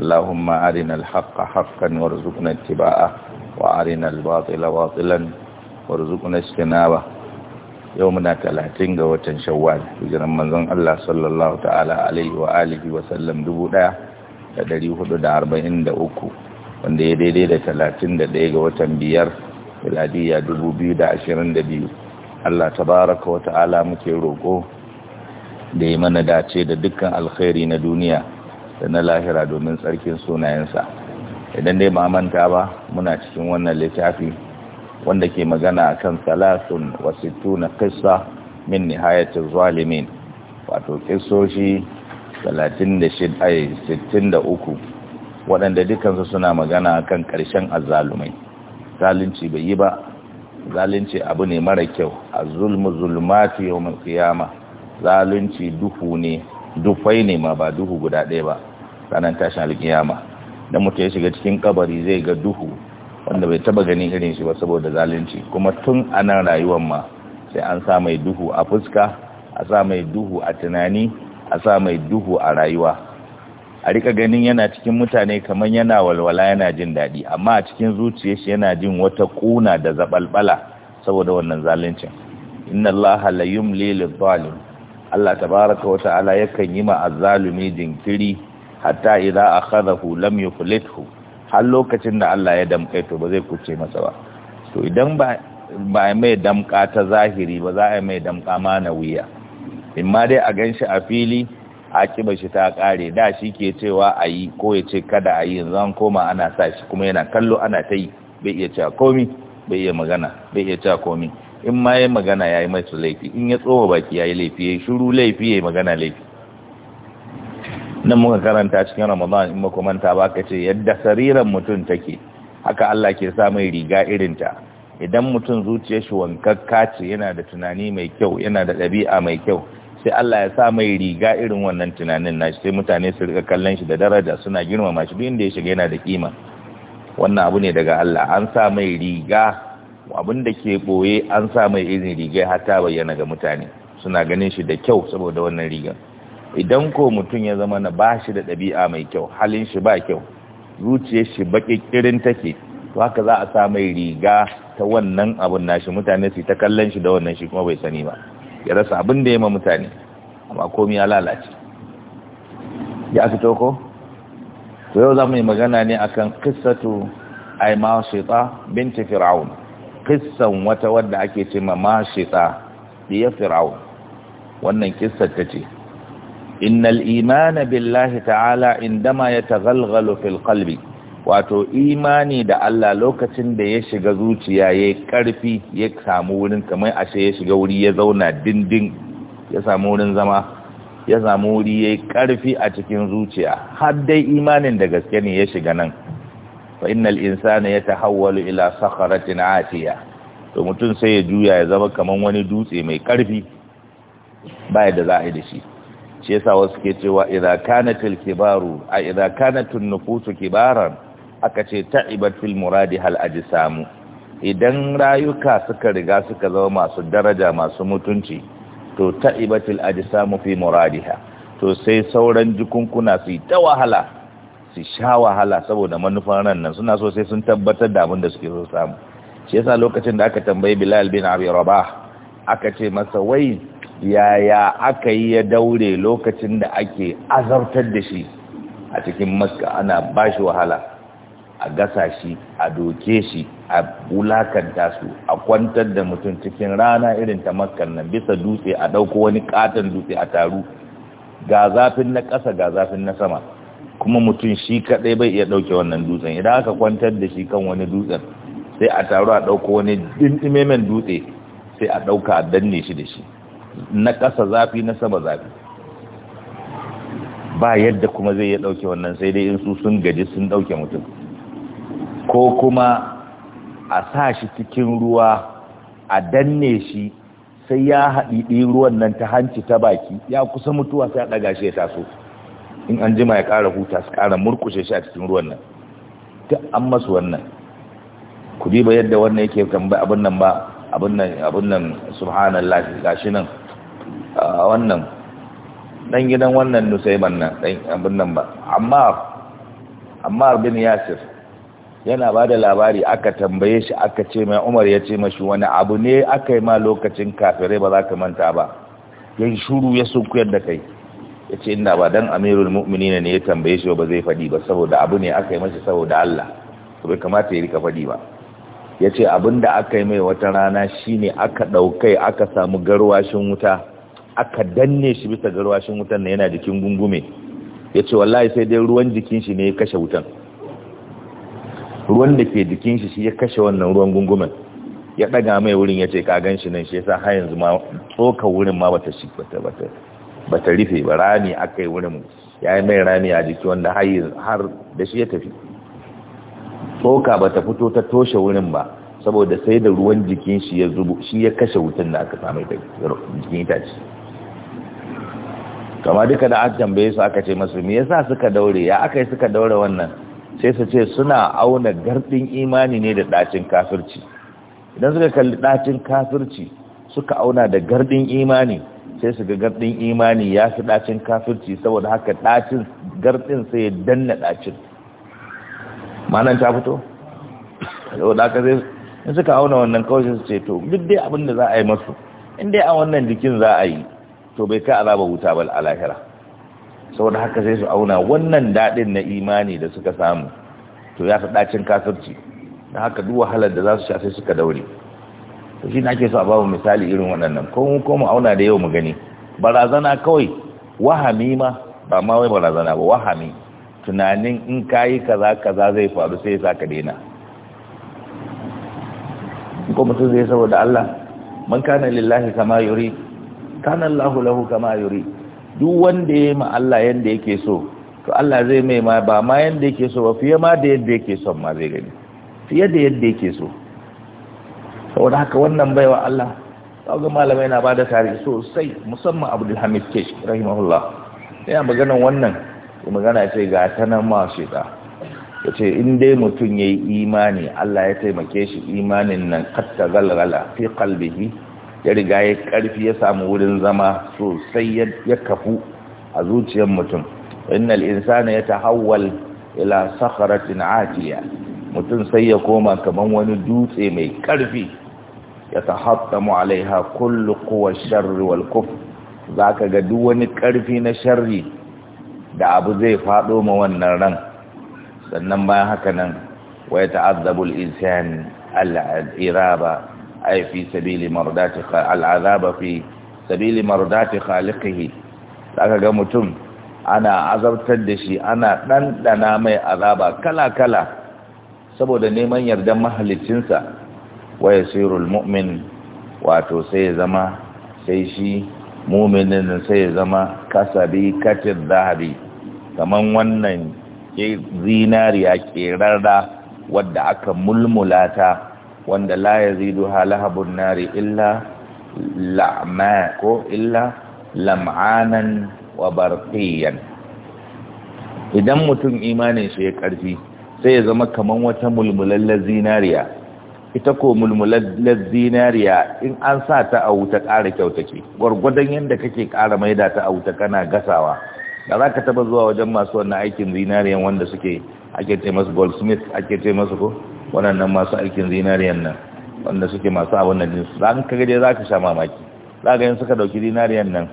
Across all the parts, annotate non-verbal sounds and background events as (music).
اللهم أرنا الحق حقا وارزقنا اتباعه وأرنا الباطل باطلا وارزقنا اجتنابه يومنا 30 ga watan Shawwal hijiran manzon Allah sallallahu ta'ala alaihi wa alihi wa sallam 1443 wanda ya daidai da 31 ga watan biyar miladiya 2022 Allah tabaraka wa ta'ala muke roko da ya mana dace da dukkan alkhairi na duniya da na lahira domin tsarkin sunayensa idan dai ba manta ba muna cikin wannan littafi wanda ke magana kan salasun wasittu na kissa min nihayatul zalimin wato kissoshi 36 63 waɗanda dukansu suna magana kan ƙarshen azzalumai zalunci bai yi ba zalunci abu ne mara kyau a zulmu zulmati mai kiyama zalunci duhu ne dufai ne ma ba duhu guda ɗaya ba ranar tashin alkiyama don mutu ya shiga cikin kabari zai ga duhu wanda bai taba ganin irin shi ba saboda zalunci kuma tun anan rayuwar ma sai an sa mai duhu a fuska a sa mai duhu a tunani a sa mai duhu a rayuwa a rika ganin yana cikin mutane kamar yana walwala yana jin daɗi amma a cikin zuciyar shi yana jin wata ƙuna da zaɓalɓala saboda wannan zaluncin inna allaha la yumli lil zalim Allah tabaraka wa ta'ala yakan yi ma azzalumi jinkiri hatta idza akhadahu lam yuflithu har lokacin da Allah ya damƙai to ba zai kuce masa ba to idan ba ba mai damƙa ta zahiri ba za a mai damƙa ma na wuya in ma dai a ganshi a fili a kiba shi ta kare da shi ke cewa a yi ko ya ce kada a yi yanzu an koma ana sa shi kuma yana kallo ana ta yi bai iya cewa komi bai iya magana bai iya cewa komi in ma yayi magana ya yi masu laifi in ya tsowa baki ya yi laifi ya yi shuru laifi ya yi magana laifi nan muka karanta cikin ramadan in makomanta ba ka ce yadda sariran mutum take haka Allah ke sa mai riga irin ta idan mutum zuciyar shi wankakka ce yana da tunani mai kyau yana da ɗabi'a mai kyau sai Allah ya sa mai riga irin wannan tunanin nashi sai mutane su rika kallon shi da daraja suna girmama shi duk inda ya shiga yana da kima wannan abu ne daga Allah an sa mai riga abin da ke boye an sa mai irin rigar har ta bayyana ga mutane suna ganin shi da kyau saboda wannan riga, idan ko mutum ya zama na ba shi da ɗabi'a mai kyau halin shi ba kyau zuciyar shi baƙiƙirin take to haka za a sa mai riga ta wannan abun nashi mutane su ta kallon shi da wannan shi kuma bai sani ba ya rasa abin da ya ma mutane amma komi ya lalace ya fito ko to yau za mu yi magana ne akan qissatu aima shayta binti fir'aun kissan wata wadda ake ce ma mashita diya fir'aun wannan kissar ta innal imana billahi ta'ala indama yataghalghalu fil qalbi wato imani da Allah lokacin da ya shiga zuciya yayi karfi ya samu wurin kamar ashe ya shiga wuri ya zauna dindin ya samu wurin zama ya samu wuri yayi karfi a cikin zuciya har dai imanin da gaske ne ya shiga nan fa innal insana yatahawwalu ila sakharatin atiya to mutum sai ya juya ya zama kaman wani dutse mai karfi Baya da za a yi da shi shi yasa wasu ke cewa idza kanatil kibaru a idza kanatun nufusu kibaran aka ce ta'ibat fil muradi hal ajsamu idan rayuka suka riga suka zama masu daraja masu mutunci to ta'ibatil ajsamu fi muradiha to sai sauran jikunkuna su yi ta wahala su sha wahala saboda manufan rannan suna so sai sun tabbatar da abin da suke so samu shi yasa lokacin da aka tambayi Bilal bin Abi Rabah aka ce masa wai yaya aka yi ya daure lokacin da ake azartar da shi a cikin maska ana bashi wahala a gasa shi a doke shi a bulakanta su a kwantar da mutum cikin rana irin ta makar nan bisa dutse a dauko wani katon dutse a taru ga zafin na ƙasa ga zafin na sama kuma mutum shi kadai bai iya dauke wannan dutsen idan aka kwantar da shi kan wani dutsen sai a taru a dauko wani dindimemen dutse sai a dauka a danne shi da shi na kasa zafi na sama zafi ba yadda kuma zai iya dauke wannan sai dai in su sun gaji sun dauke mutum ko kuma a sa shi cikin ruwa a danne shi sai ya haɗi ruwan nan ta hanci ta baki ya kusa mutuwa sai a ɗaga shi ya taso in an jima ya ƙara huta su ƙara murkushe shi a cikin ruwan nan ta an masu wannan ku ba yadda wannan yake tambaya abin nan ba abin nan abin nan subhanallahi gashi nan wannan dan gidan wannan nusayman nan dan abin nan ba amma amma bin yasir yana ba da labari aka tambaye shi aka ce mai umar ya ce mashi wani abu ne aka yi ma lokacin kafirai ba za ka manta ba yan shuru ya sunkuyar da kai ya ce inda ba dan amirul mu'mini ne ya tambaye shi ba zai faɗi ba saboda abu ne aka yi masa saboda Allah to bai kamata ya rika faɗi ba ya ce abinda da aka yi mai wata rana shine aka ɗaukai aka samu garwashin wuta aka danne shi bisa garwashin wutan na yana jikin gungume ya ce wallahi sai dai ruwan jikin shi ne ya kashe wutan ruwan da ke jikin shi shi ya kashe wannan ruwan gungumen ya ɗaga mai wurin ya ce ka gan shi nan shi ya sa har yanzu ma tsoka wurin ma bata shi bata bata ba ta rufe ba rami aka yi wurin ya yi mai rami a jiki wanda har da shi ya tafi tsoka ba ta fito ta toshe wurin ba saboda sai da ruwan jikin shi ya zubu shi ya kashe wutan da aka samu jikin itace kama duka da an tambaye su aka ce masu me yasa suka daure ya aka yi suka daure wannan sai su ce suna auna gardin imani ne da ɗacin kafirci idan suka kalli ɗacin kafirci suka auna da gardin imani sai su ga gardin imani ya fi ɗacin kafirci saboda haka ɗacin gardin sai ya danna ɗacin manan ta fito saboda haka sai in suka auna wannan kawai su ce to duk dai abin da za a yi masu in dai a wannan jikin za a yi to bai kai azaba wuta bal a lahira saboda haka sai su auna wannan daɗin na imani da suka samu to ya fi ɗacin kafirci da haka duk wahalar da za su sha sai suka daure to shi ake so a babu misali irin waɗannan ko mu koma auna da yau mu gani barazana kawai wahami ma ba ma wai barazana ba wahami tunanin in kayi kaza kaza zai faru sai sa ka daina ko mutum zai saboda Allah man kana lillahi kama yuri kana Allahu lahu kama yuri duk wanda ya ma Allah yanda yake so to Allah zai mai ma ba ma yanda yake so ba fiye ma da yadda yake son ma zai gani fiye da yadda yake so saboda haka wannan baiwa Allah kaga malamai na bada tarihi sosai musamman abdulhamid Hamid Kesh rahimahullah yana magana wannan magana ce ga ta na ma Ya ce in dai ya yi imani Allah ya taimake shi imanin nan katta galgala fi qalbihi ya riga ya karfi ya samu wurin zama sosai ya kafu a zuciyar mutum innal ta yatahawwal ila sakharatin atiya mutum sai ya koma kaman wani dutse mai karfi yatahattamu alaiha kullu quwwa sharri wal kufr zaka ga duk wani karfi na sharri da abu zai fado ma wannan ran sannan bayan haka nan wa yata'azzabu al insan al iraba ay fi sabili mardati al azaba fi sabili mardati khaliqihi zaka ga mutum ana azabtar da shi ana ɗanɗana mai azaba kala-kala saboda neman yardan mahalicinsa waya sirul mu'min wato sai ya zama sai shi muminin sai ya zama kasabi katin zahabi kaman wannan zinariya kerarra wadda aka mulmulata wanda la yazidu halahabun nari illa ko illa lam'anan wa barqiyan idan mutum imanin shi ya karfi sai ya zama kaman wata mulmulallar zinariya ita ko mulmulan zinariya in an sa ta a wuta ƙara kyauta gwargwadon yadda kake ƙara maida ta a wuta kana gasawa da za ka taba zuwa wajen masu wannan aikin zinariyan wanda suke ake ce masu goldsmith ake ce masu ko waɗannan masu aikin zinariyan nan wanda suke masu abin da jinsu za ka gaje za ka sha mamaki za ka yin suka ɗauki zinariyan nan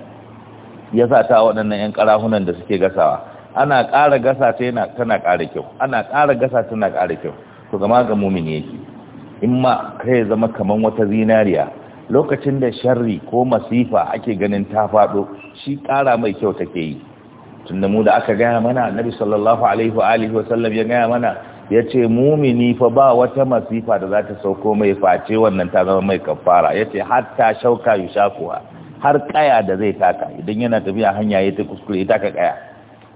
ya sa ta waɗannan 'yan ƙarahunan da suke gasawa ana ƙara gasa tana ƙara kyau ana ƙara gasa tana ƙara kyau to gama ga mumin yake in ma kai zama kaman wata zinariya lokacin da sharri ko masifa ake ganin ta faɗo shi ƙara mai kyau take yi tunda mu da aka gaya mana annabi sallallahu alaihi wa alihi wa sallam ya gaya mana yace mumini fa ba wata masifa da za ta sauko mai face wannan ta zama mai kafara yace hatta shauka shakuwa har kaya da zai taka idan yana tafiya hanya ya ta kuskure ya taka kaya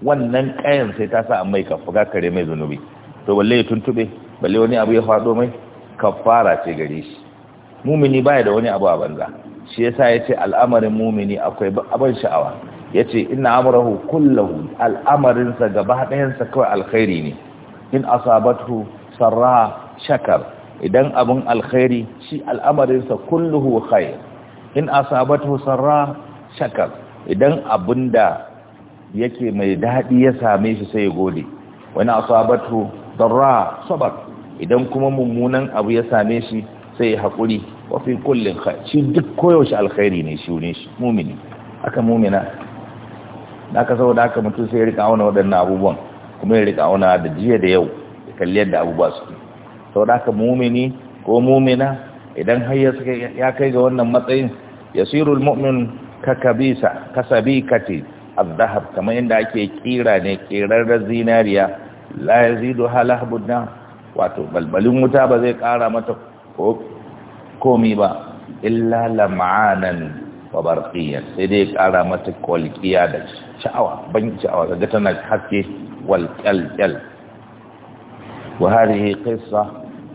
wannan kayan sai ta sa mai kafara kare mai zunubi to balle ya tuntube balle wani abu ya faɗo mai kafara ce gare shi mumini baya da wani abu a banza shi yasa yace al'amarin mumini akwai abin sha'awa yace inna amrahu kullahu al'amarin sa gaba ɗayan sa kawai alkhairi ne in asabathu sarra shakar idan abun alkhairi shi al'amarin sa kulluhu khair in asabathu sarra shakar idan abunda yake mai dadi ya same shi sai ya gode wani asabatu darra sabar idan kuma mummunan abu ya same shi sai ya haƙuri wafi kullum shi duk koyaushe alkhairi ne shi ne shi mumini aka mumina da aka sau da aka mutu sai ya rika auna waɗannan abubuwan kuma ya rika auna da jiya da yau da kalli yadda abubuwa su sau da aka mumini ko mumina idan har ya kai ga wannan matsayin ya sirul mu'min ka kakabisa kati azhab kamar inda ake kira ne kirarren zinariya la yazidu halahbud nar wato balbalin wuta ba zai ƙara mata komi ba illa lam'anan wa barqiyan sai dai ƙara mata kwalqiya da sha'awa ban sha'awa daga tana haske wal qalqal wa hadhihi qissa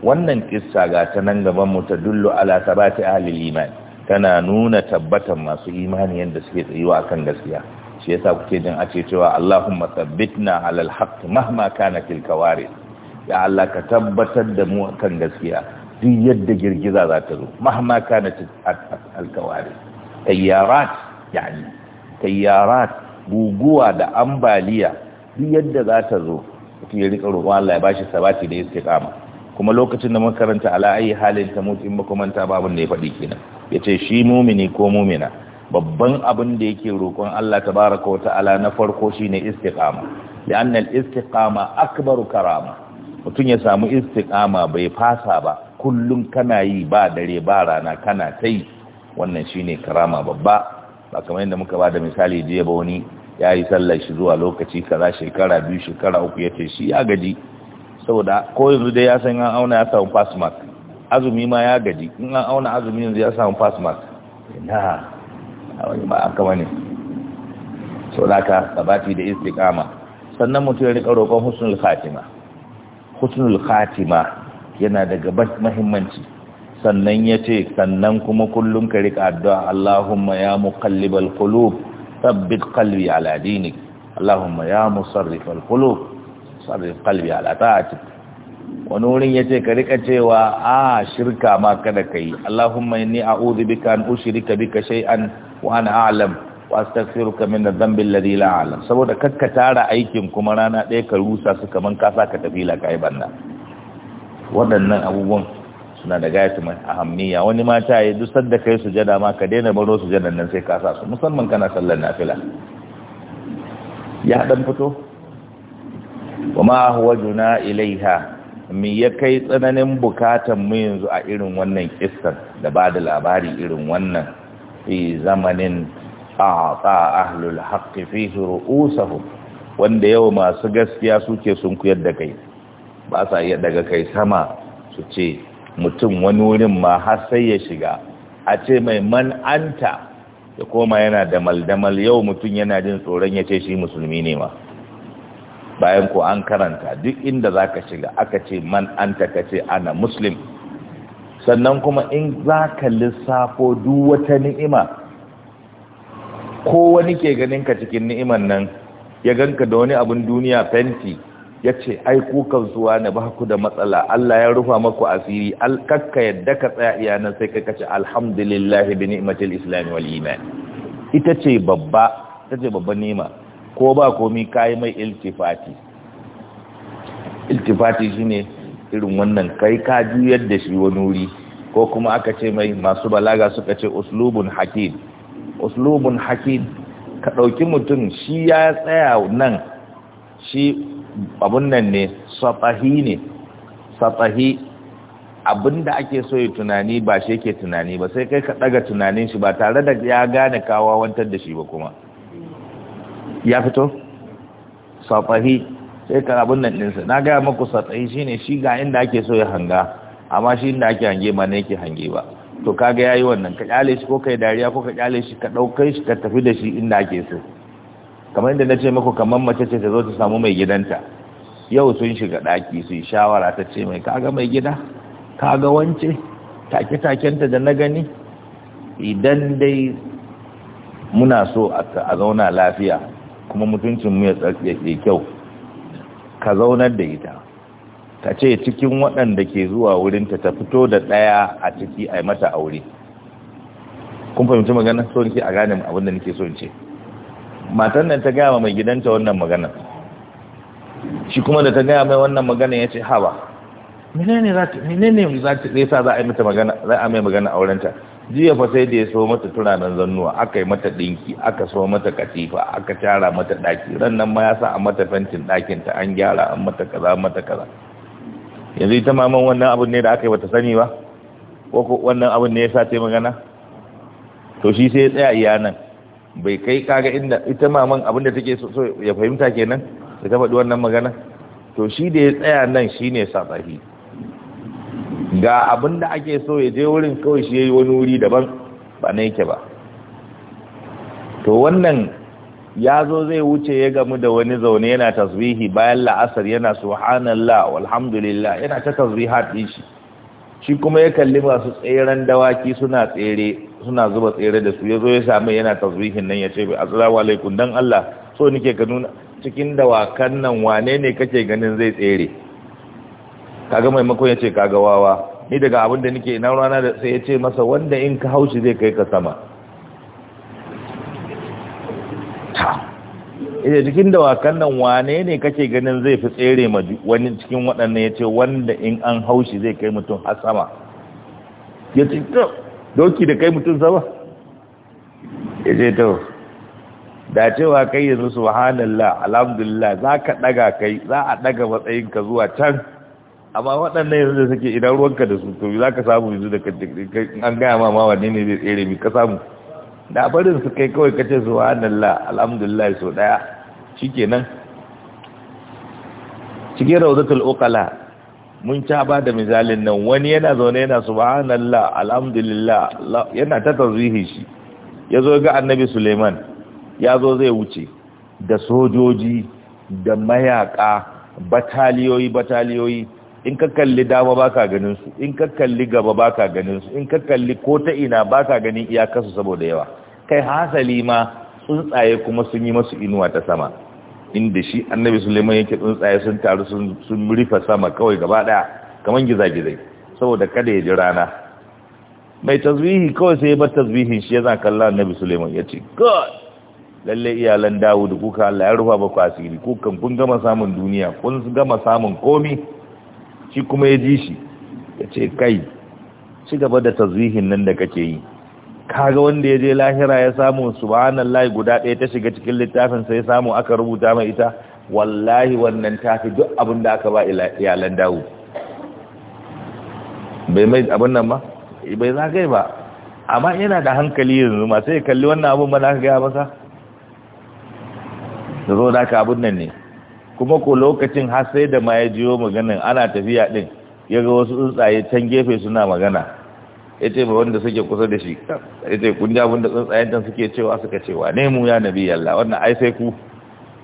wannan kissa ga ta nan gaban mu ta dullu ala sabati ahli iman tana nuna tabbatan masu imani yanda suke tsayuwa akan gaskiya shi yasa kuke jin a ce cewa Allahumma thabbitna ala al-haqq mahma kana tilka warid ya Allah ka tabbatar da mu kan gaskiya duk yadda girgiza za ta zo mahma kanat alkawari tayyarat yani tayyarat guguwa da ambaliya duk yadda za ta zo mutum ya rika roƙon Allah ya bashi sabati da istiqama kuma lokacin da muka karanta ala ayi halin ta mutu in muka manta ba abin da ya faɗi kenan yace shi mumini ko mumina babban abin da yake roƙon Allah tabaraka wa ta'ala na farko shine istiqama li'anna al-istiqama akbaru karama mutum ya samu istiƙama bai fasa ba kullum kana yi ba dare ba rana kana ta yi wannan shi ne karama babba ba kamar yadda muka ba da misali jiya ba wani ya yi sallar shi zuwa lokaci kaza shekara biyu shekara uku ya ce shi ya gaji saboda ko yanzu dai ya san an auna ya samu fasmak azumi ma ya gaji in an auna azumi yanzu ya samu fasmak mark na a wani ba aka wani saboda ka da istiƙama sannan mutum ya riƙa roƙon husnul khatima husnul khatima yana daga mahimmanci sannan yace sannan kuma kullum ka rika addu'a Allahumma ya muqallibal qulub thabbit qalbi ala dinik Allahumma ya musarrifal qulub sarrif qalbi ala ta'atik wani wurin ya ce ka rika cewa a shirka ma kada ka yi allahumma inni a'udhu bika an ushrika bika shay'an wa ana a'lam wa astaghfiruka min dhanbi alladhi la a'lam saboda kakka tara aikin kuma rana ɗaya ka rusa su kaman ka saka tafila kai banna waɗannan abubuwan suna da gaya mai ahammiya wani ma ta yi dusar da kai su ma ka daina baro jada nan sai ka sa su musamman kana sallar nafila ya dan fito wa ma huwa juna ilaiha mi ya kai tsananin bukatan mu yanzu a irin wannan kissar da ba da labari irin wannan fi zamanin a'ta ahlul haqqi fihi ru'usahum wanda yau masu gaskiya suke sun kuyar da kai ba sa iya daga kai sama su ce mutum wani wurin ma har sai ya shiga a ce mai man anta ya koma yana da maldamal yau mutum yana jin tsoron ya ce shi musulmi ne ma bayan ko an karanta duk inda za ka shiga aka ce man anta ka ce ana muslim sannan kuma in za ka lissafo duk wata ni'ima ko wani ke ganin ka cikin ni'iman nan ya ganka da wani abin duniya fenti ya ce ai kukan suwa ne ba ku da matsala Allah ya rufa maku asiri kakka yadda ka tsaya iya nan sai ka kace alhamdulillah bi ni'matil islam wal iman ita ce babba ita ce babban ni'ima ko ba komi kai mai iltifati iltifati shine irin wannan kai ka juyar da shi wani wuri ko kuma aka ce mai masu balaga suka ce uslubun hakim uslubun hakim ka ɗauki mutum shi ya tsaya nan shi abun nan ne safahi ne safahi abin ake so yi tunani ba shi yake tunani ba sai kai ka ɗaga tunanin shi ba tare da ya gane kawo wantar da shi ba kuma ya fito safahi sai ka abun nan ɗinsa na gaya maku shi ne shi ga inda ake so ya hanga amma shi inda ake hange ma ne yake hange ba to kaga yayi wannan ka kyale shi ko kai dariya ko ka kyale shi ka ɗaukar shi ka tafi da shi inda ake so kamar na nace muku kamar mace ce ta zo ta samu mai gidanta yau sun shiga daki su yi shawara ta ce mai kaga mai gida kaga wance take takenta da na gani idan dai muna so a zauna lafiya kuma mutuncin mu ya kyau ka zaunar da ita Ta ce cikin waɗanda ke zuwa wurinta ta fito da ɗaya a ciki a mata aure kun fahimci magana so nake a gane abinda nake so in ce matan nan ta gaya ma mai gidanta wannan magana shi kuma da ta gaya mai wannan magana ya ce hawa menene za ta za ta zai sa za a yi mata magana za a mai magana wurinta jiya fa sai da ya so mata tunanin zannuwa aka yi mata ɗinki, aka so mata katifa aka tara mata ɗaki ran nan ma ya sa a mata fentin ɗakinta, ta an gyara an mata kaza mata kaza yanzu ita maman wannan abin ne da aka yi bata sani ba ko wannan abin ne ya sa ta magana to shi sai ya tsaya iya nan bai kai kaga inda ita maman abin da take so ya fahimta kenan da ta faɗi wannan magana to shi da ya tsaya nan shi ne sabahi ga abin da ake so ya je wurin kawai shi ya yi wani wuri daban ba na yake ba to wannan ya zo zai wuce ya gamu da wani zaune yana tasbihi bayan la'asar yana subhanallah walhamdulillah yana ta tasbihi haɗi shi shi kuma ya kalli masu tseren dawaki suna tsere suna zuba tsere da su ya zo ya samu yana tasbihin nan ya ce bai assalamu alaikum dan Allah so nike ka nuna cikin dawakan nan wane kake ganin zai tsere kaga maimakon ya kaga wawa ni daga abin da nike ina rana da sai yace masa wanda in ka haushi zai kai ka sama dawaka ita eh, cikin dawakan nan wane ne kake ganin zai fi tsere ma wani cikin waɗanne ya ce wanda in an haushi zai kai mutum har sama ya ce to doki da kai mutum sama ya ce to da cewa kai yanzu subhanallah alhamdulillah za ka ɗaga kai za a ɗaga matsayinka zuwa can amma waɗannan yanzu da suke idan ruwanka da su to za ka samu yanzu da kan an gaya ma mawa ne ne zai tsere mi ka samu da barin su kai kawai kace subhanallah alhamdulillah so daya shikenan cike rawdatul uqala mun ci ba da misalin nan wani yana zaune yana subhanallah alhamdulillah yana ta tazihi shi yazo ga annabi Suleiman yazo zai wuce da sojoji da mayaka bataliyoyi bataliyoyi in ka kalli dama baka ganin su in ka kalli gaba baka ganin su in ka kalli ko ta ina baka ganin iyakarsu saboda yawa kai hasali ma tsuntsaye kuma sun yi masu inuwa ta sama inda shi annabi suleiman yake tsuntsaye sun taru sun rufe sama kawai gaba daya kamar gizagizai saboda kada ya ji rana mai tasbihi kawai sai ya bar tasbihin shi ya zan kalla annabi suleiman ya ce god lalle iyalan Dawudu kuka Allah ya rufa baku asiri kukan kun gama samun duniya kun gama samun komi shi kuma ya ji shi ya ce kai ci gaba da tasbihin nan da kake yi kaga wanda ya je lahira ya samu subhanallahi guda ɗaya ta shiga cikin littafin sai samu aka rubuta mai ita wallahi wannan tafi duk abin da aka ba iyalan dawo bai mai abin nan ba bai zagaye ba amma yana da hankali yanzu ma sai kalli wannan abin ba za ka gaya masa da zo da ka abin nan ne kuma ko lokacin har sai da ma ya jiyo maganin ana tafiya din ya ga wasu tsuntsaye can gefe suna magana ya ce ba wanda suke kusa da shi ya ce kun ji da tsuntsayen suke cewa suka cewa ne mu ya nabi yalla wannan ai sai ku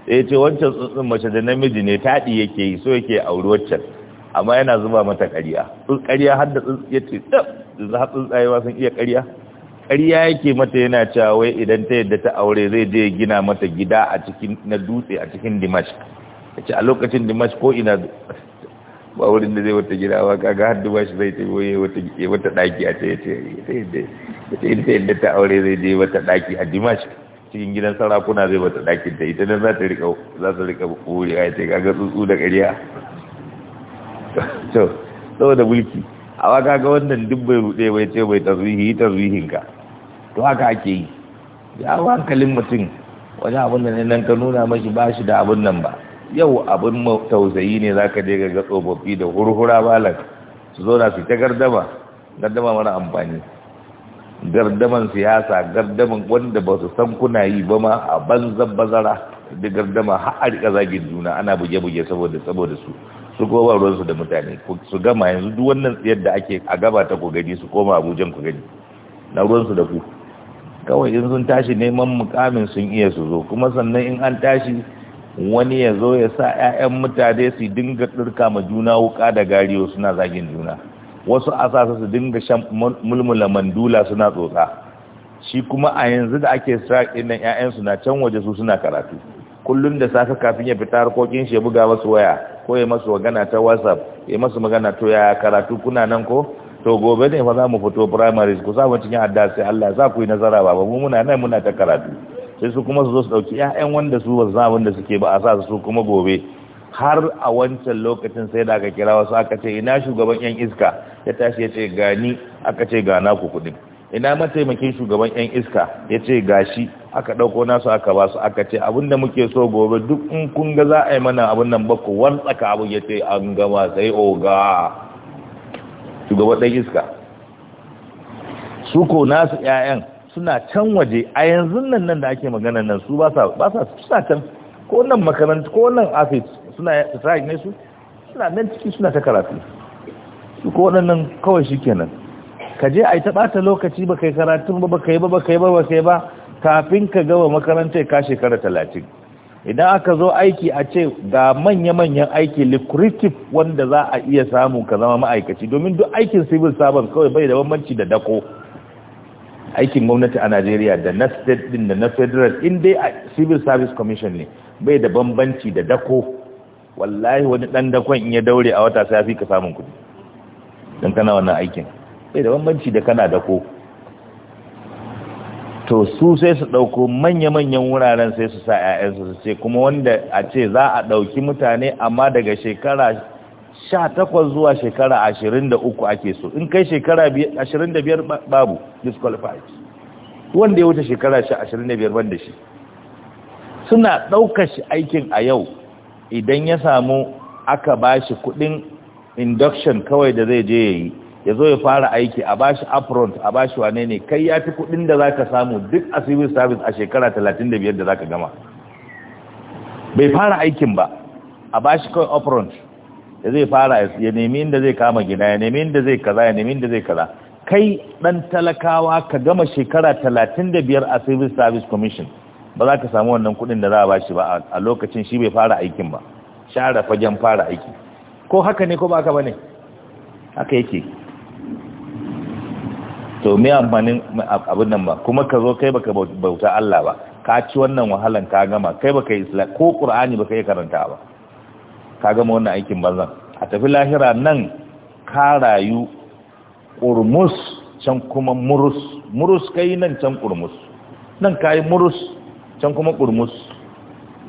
ya ce wancan tsuntsun mace da namiji ne taɗi yake yi so yake auri waccan amma yana zuba mata ƙarya ƙarya har da tsuntsun ya ce ɗan yanzu har tsuntsaye sun iya ƙarya ƙarya yake mata yana cewa wai idan ta yadda ta aure zai je gina mata gida a cikin na dutse a cikin dimash ya ce a lokacin dimash ko ina ba wurin da zai wata gida ba ga har ba shi zai tafi waye wata wata daki a ta yadda ta aure zai je wata daki a dimash cikin gidan sarakuna zai wata daki ta yi za ta rika za ta rika wuri a ce ga tsutsu da ƙarya (laughs) to saboda mulki a waka ga wannan duk bai rude bai ce bai tazwihi tazwihin ka to haka ake yi ya hankalin mutum wani abin da nan ka nuna mashi ba shi da abin nan ba yau abin tausayi ne za ka je ga tsofaffi da hurhura balan su zo na su ta gardama gardama mara amfani gardaman siyasa gardaman wanda ba su san kuna yi ba ma a banzan bazara da gardama har a zagin juna ana buge-buge saboda saboda su su koma ruwansu da mutane su gama yanzu duk wannan tsayar da ake a gaba ta ku gani su koma abujan ku gani na ruwansu da ku kawai in sun tashi neman mukamin sun iya su zo kuma sannan in an tashi wani ya zo ya sa 'ya'yan mutane su dinga ɗirka ma juna wuka da gariyo suna zagin juna wasu sa su dinga shan mulmula mandula suna tsotsa shi kuma a yanzu da ake sa ɗinnan 'ya'yansu na can waje su suna karatu kullum da safe kafin ya fita harkokin shi ya buga masu waya ko ya masu magana ta whatsapp ya masu magana to ya karatu kuna nan ko to gobe ne fa za mu fito primaries ku sa mu cikin adda sai Allah za ku yi nazara baba mu muna nan muna ta karatu sai su kuma su zo su dauki ƴaƴan wanda su ba za wanda suke ba a sa su kuma gobe har a wancan lokacin sai da aka kira wasu aka ce ina shugaban yan iska ya tashi ya ce gani aka ce gana ku kuɗin ina mataimakin shugaban yan iska ya ce gashi aka ɗauko nasu aka ba su aka ce abinda muke so gobe duk in kun ga za a yi mana abin nan baku wantsaka abu ya ce an gama sai oga shugaban ɗan iska su ko nasu 'ya'yan suna can waje a yanzu nan nan da ake magana nan su ba sa suna can ko nan makaranta ko nan ofis suna isra'il ne su suna nan ciki suna ta karatu su ko nan kawai shi kenan ka je a yi ta ɓata lokaci ba kai karatun ba ba kai ba ba kai ba ba kai ba kafin ka gaba makarantar ka shekara talatin idan aka zo aiki a ce ga manya-manyan aiki lucrative wanda za a iya samu ka zama ma'aikaci domin duk aikin civil servant kawai bai da bambanci da dako aikin gwamnati a Najeriya da na state din da na federal in dai a civil service commission ne bai da bambanci da dako wallahi wani dan dakon in ya daure a wata sai ya fi ka samun kudi dan kana wannan aikin bai da bambanci da kana dako to su sai su ɗauko manya-manyan wuraren sai su sa 'ya'yansu su ce kuma wanda a ce za a ɗauki mutane amma daga shekara sha takwas zuwa shekara ashirin da uku ake so in kai shekara ashirin da biyar babu disqualified wanda ya wuce shekara sha ashirin da biyar wanda shi suna ɗaukar shi aikin a yau idan ya samu aka ba shi kuɗin induction kawai da zai je ya yi ya zo ya fara aiki a bashi upfront a bashi wane ne kai ya fi kuɗin da za ka samu duk a civil service a shekara talatin da biyar da za ka gama bai fara aikin ba a bashi kawai upfront da zai fara ya nemi inda zai kama gida ya nemi inda zai kaza ya nemi inda zai kaza kai dan talakawa ka gama shekara 35 a civil service commission ba za ka samu wannan kudin da za a shi ba a lokacin shi bai fara aikin ba share fagen fara aiki ko haka ne ko ba haka bane haka yake to me amfanin abin nan ba kuma ka zo kai baka bauta Allah ba ka ci wannan wahalan ka gama kai baka isla ko qur'ani baka yi karanta ba ka gama wannan aikin banzan a tafi lahira nan ka rayu ƙurmus can kuma murus murus kai nan can ƙurmus nan ka yi murus can kuma ƙurmus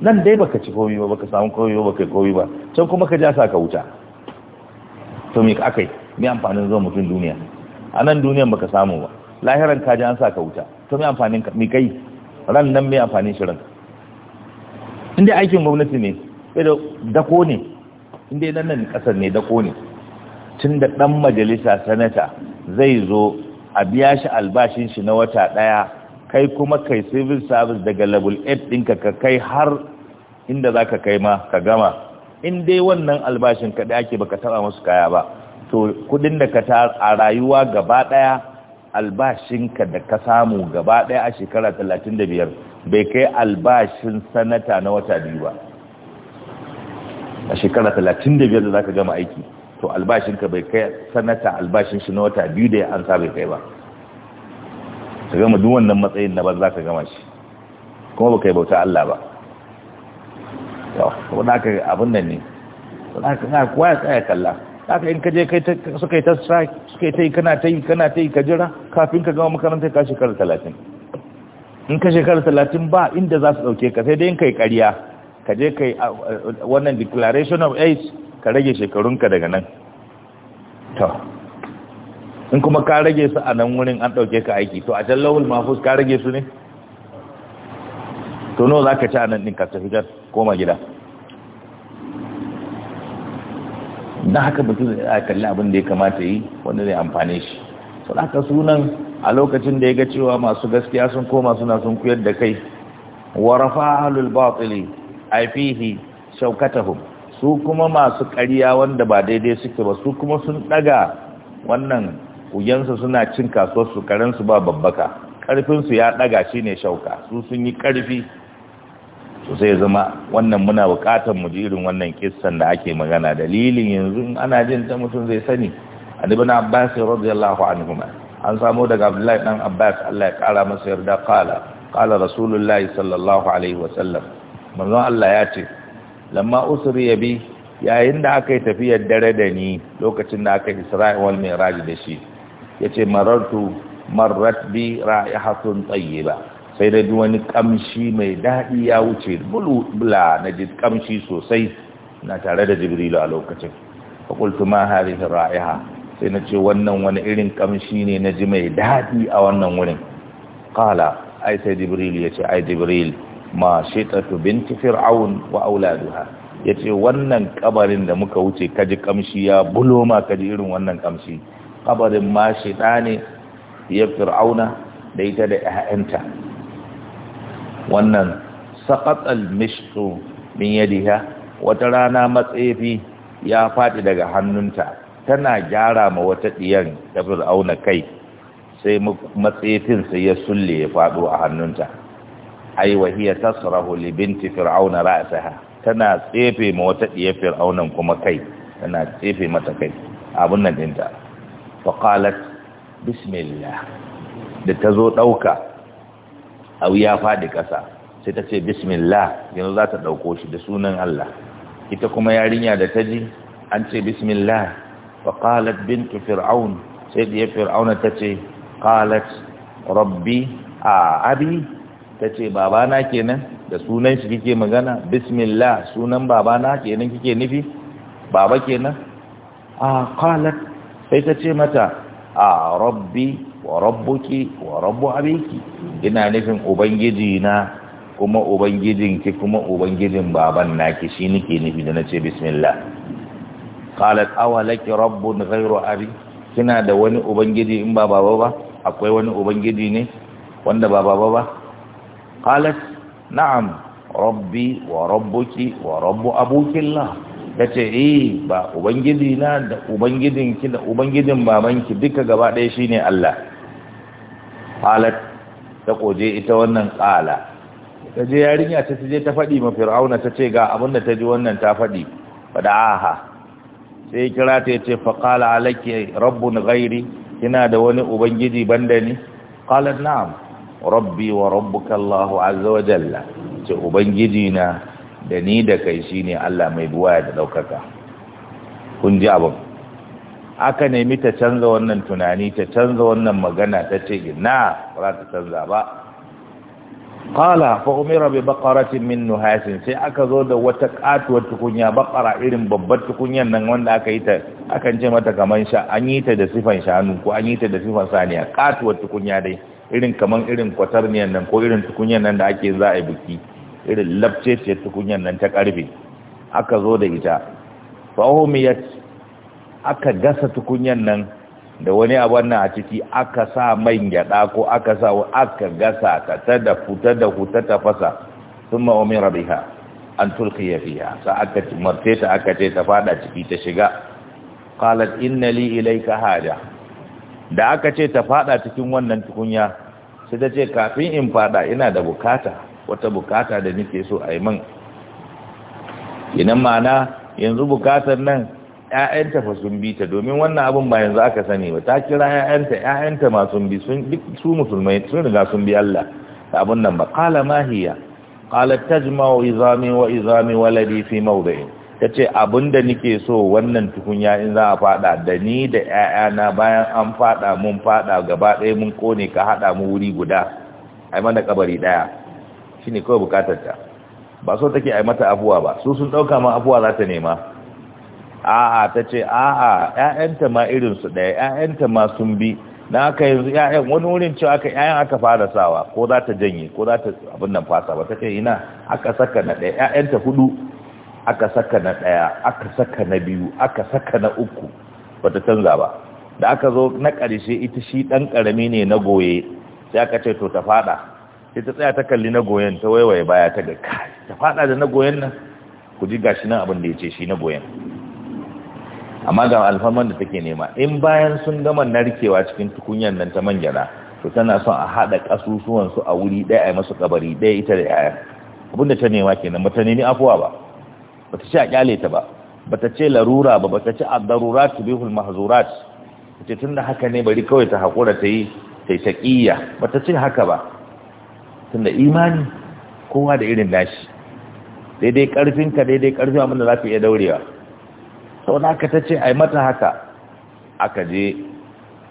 nan dai baka ci komi ba baka samu komi ba baka komi ba can kuma ka ja ka wuta to me yi mai amfanin zuwa mutum duniya a nan duniyan baka samu ba lahiran ka ji an sa ka wuta to me amfanin ka mai kai ran nan me amfanin shirin inda aikin gwamnati ne ido dako ne inda yana nan kasar ne dako ne tun da ɗan majalisa sanata zai zo a biya shi albashin shi na wata ɗaya kai kuma kai civil service daga level 8 ɗinka ka kai har inda zaka kai ma ka gama in dai wannan albashin kaɗai ake baka taba musu kaya ba to kudin da ka a rayuwa gaba ɗaya ka da ka samu gaba ɗaya a shekara 35 bai kai albashin sanata na wata biyu ba a shekara talatin da biyar da za ka gama aiki to albashinka bai kai sanata albashin shi na wata biyu da ya sa bai kai ba ka gama duk wannan matsayin na ba za ka gama shi kuma ba kai bauta Allah ba yau da aka abin nan ne da aka na kuwa ya tsaya kalla aka in ka je kai suka yi ta suka yi ta yi kana ta yi kana ta yi ka jira kafin ka gama makaranta ka shekara talatin in ka shekara talatin ba inda za su ɗauke ka sai dai in kai ƙarya ka je kai wannan declaration of age ka rage shekarunka daga nan to in kuma ka rage su a nan wurin an ɗauke ka aiki to a can lahul mafus ka rage su ne to no za ka ci a nan ɗin ka tafi jan koma gida na haka mutum zai a kalli abin da ya kamata yi wanda zai amfane shi sau da haka sunan a lokacin da ya ga cewa masu gaskiya sun koma suna sun kuyar da kai warafa halul batili aifihi fihi shaukatahum su kuma masu ƙariya wanda ba daidai suke ba su kuma sun ɗaga wannan kuyansu suna cin kasuwarsu karensu ba babbaka ƙarfinsu ya daga ne shauka su sun yi ƙarfi su sai zama wannan muna buƙatar mu ji irin wannan kissan da ake magana dalilin yanzu ana jin ta mutum zai sani ibn abbas radiyallahu anhu an samu daga abdullahi dan abbas Allah ya kara masa yarda kala kala rasulullahi sallallahu alaihi wasallam manzon Allah ya ce lamma usri bi yayin da aka yi tafiyar dare da ni lokacin da aka Isra'il wal Mi'raj da shi yace marartu marrat bi ra'ihatun tayyiba sai da wani kamshi mai dadi ya wuce bulbula na ji kamshi sosai na tare da Jibril a lokacin fa qultu ma hadhihi ra'iha sai na ce wannan wani irin kamshi ne na ji mai dadi a wannan wurin qala ai sai Jibril yace ai Jibril ma binti fir'aun wa auladuha yace wannan kabarin da muka wuce kaji kamshi ya bulo ma kaji irin wannan kamshi kabarin ma ne ya fir'auna da ita da ƴaƴanta wannan saqat al-mishtu min yadiha wata rana matsefi ya faɗi daga hannunta tana gyara ma wata ɗiyar da fir'auna kai sai matsefin sai ya sulle ya faɗo a hannunta ai wahiya tasrahu li binti fir'auna ra'saha tana tsefe ma wata diya fir'aunan kuma kai tana tsefe mata kai abun nan dinta fa qalat bismillah da tazo dauka aw ya fadi kasa sai ta ce bismillah yanzu za ta dauko shi da sunan Allah ita kuma yarinya da taji an ce bismillah fa qalat bintu fir'aun sai diya fir'auna tace qalat rabbi a abi ta ce babana kenan da sunan shi kike magana bismillah sunan babana kenan kike nufi baba kenan a qalat sai ta ce mata a rabbi wa rabbuki wa rabbu abiki ina nufin ubangiji na kuma ubangijinki kuma ubangijin baban naki shi nake nufi da na nace bismillah laki awalaki na ghayru abi kina da wani ubangiji in ba baba ba akwai wani ubangiji ne wanda ba baba ba qalat na'am rabbi wa rabbuki wa rabbu abukillah tace eh ba ubangiji na da ubangijinki da ubangijin babanki duka gaba daya shine Allah qalat ta koje ita wannan qala ta je yarinya ta je ta faɗi ma fir'auna ta ce ga abinda ta ji wannan ta faɗi fada'aha sai kira ta yace fa qala alaki rabbun ghairi kina da wani ubangiji banda ni qalat na'am rabbi wa rabbuka Allahu azza wa jalla ce ubangiji na da ni da kai shine Allah mai buwaya da daukaka kun ji abin aka nemi ta canza wannan tunani ta canza wannan magana ta ce na ba ta canza ba qala fa umira bi baqaratin min nuhasin sai aka zo da wata katuwar tukunya baqara irin babbar tukunyar nan wanda aka yi ta akan ce mata kaman sha an yi ta da sifan shanu ko an yi ta da sifan saniya katuwar tukunya dai irin kaman irin kwatarniyan nan ko irin tukunyan nan da ake za a yi buki irin ce tukunyan nan ta karfe aka zo da ita fahimiyat aka gasa tukunyan nan da wani abu na a ciki aka sa mai gyada ko aka sa aka gasa ta ta da futa da huta ta fasa sun ma'omin rabiha an tulkiya fiya sa aka marteta aka ce ta fada ciki ta shiga qalat inna li ilayka haja da aka ce ta fada cikin wannan tukunya sai ta ce kafin in fada ina da bukata wata bukata da nake so a yi min inan mana yanzu bukatar nan ‘ya'yanta fa sun bi ta domin wannan abin ba yanzu aka sani ba ta kira ‘ya'yanta ‘ya'yanta ma sun bi su musulmai sun riga sun bi Allah da abin nan ba kala mahiya kala tajma'u izami wa izami waladi fi ta ce abinda nike so wannan tukunya in za a fada da ni da 'ya'yana bayan an fada mun fada gaba ɗaya mun kone ka hada mu wuri guda ai mana kabari ɗaya shi ne kawai ta? ba so take ai mata abuwa ba su sun ɗauka ma abuwa za ta nema a'a ta ce a'a 'ya'yanta ma irinsu ɗaya 'ya'yanta ma sun bi na aka yanzu ƴaƴan wani wurin cewa aka ƴaƴan aka fara sawa ko za ta janye ko za ta abin nan fasa ba ta ce ina aka saka na ɗaya ƴaƴanta hudu aka saka na ɗaya aka saka na biyu aka saka na uku bata canza ba da aka zo na ƙarshe ita shi ɗan ƙarami ne na goye sai aka ce to ta faɗa sai ta tsaya ta kalli na goyen ta waiwaye baya ta ga kai ta faɗa da na goyen nan ku ji gashi nan abin da ya ce shi na goyen amma ga alfaman da take nema in bayan sun gama narkewa cikin tukunyar nan ta manjana to tana son a haɗa ƙasusuwansu a wuri ɗaya a masu kabari ɗaya ita da 'ya'ya abinda ta nema kenan ba ta nemi afuwa ba bata ce a kyale ta ba bata ce larura ba bata ce ad ta bihul mahzurat ce tunda haka ne bari kawai ta hakura ta yi ta taqiyya bata ce haka ba tunda imani kowa da irin nashi daidai karfin ka daidai karfin abinda za zaka iya daurewa sau na aka ta ce ai mata haka aka je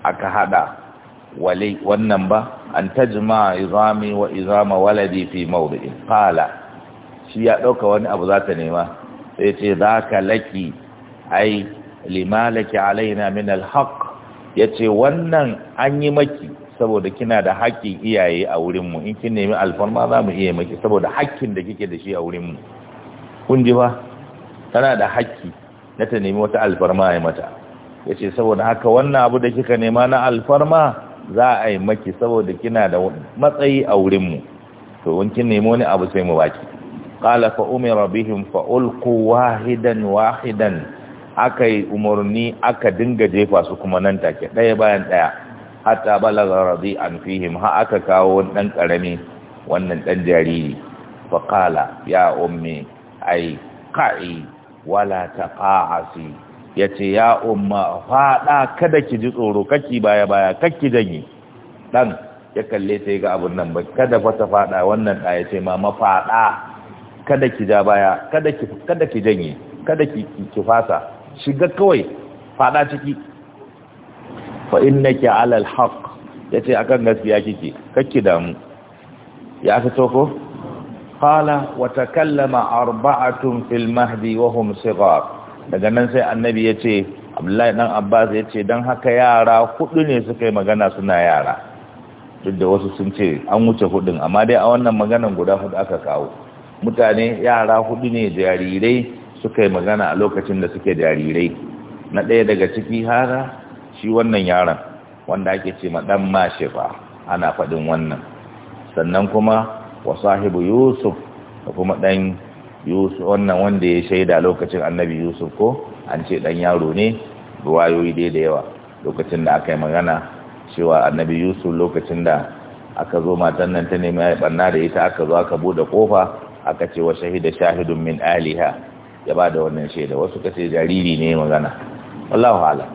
aka hada wale wannan ba an tajma izami wa izama waladi fi mawdi'in qala shi ya dauka wani abu za ta nema sai ce za ka laki ai limalaki alaina min alhaq ya ce wannan an yi maki saboda kina da haƙƙin iyaye a wurinmu in kin nemi alfarma za mu iya maki saboda haƙƙin da kike da shi a wurinmu kun ji ba tana da haƙƙi na ta nemi wata alfarma ya mata ya ce saboda haka wannan abu da kika nema na alfarma za a yi maki saboda kina da matsayi a wurinmu to in kin nemi wani abu sai mu baki qala fa umira bihim fa ulqu wahidan wahidan akai umurni aka dinga jefa su kuma nan take daya bayan daya hatta balagha radi'an fihim ha aka kawo dan karami wannan dan jariri fa qala ya ummi ai qa'i wala taqa'asi yace ya umma fada kada ki ji tsoro kaki baya baya kaki janye dan ya kalle ta ga abun nan ba kada fa ta fada wannan da yace ma fada kada ki ja baya kada ki kada ki janye kada ki ki fasa shiga kawai fada ciki fa innaka ala alhaq yace akan gaskiya kike ki damu ya fito ko qala wa takallama arba'atun fil mahdi wa hum sighar daga nan sai annabi yace abdullahi dan abbas yace dan haka yara hudu ne suka yi magana suna yara duk da wasu sun ce an wuce hudun amma dai a wannan maganan guda hudu aka kawo mutane yara hudu ne jarirai suka yi magana a lokacin da suke jarirai na ɗaya daga ciki hara shi wannan yaron wanda ake ce ma ɗan ba, ana faɗin wannan sannan kuma wa sahibu yusuf da kuma ɗan yusuf wannan wanda ya shaida lokacin annabi yusuf ko an ce ɗan yaro ne ruwayoyi dai da yawa lokacin da aka yi magana cewa annabi yusuf lokacin da aka zo matan nan ta nema ya ɓanna da ita aka zo aka buɗe ƙofa aka ce wa shahida shahidun min aliha ya ba da wannan shaida wasu kace jariri ne magana wallahu ala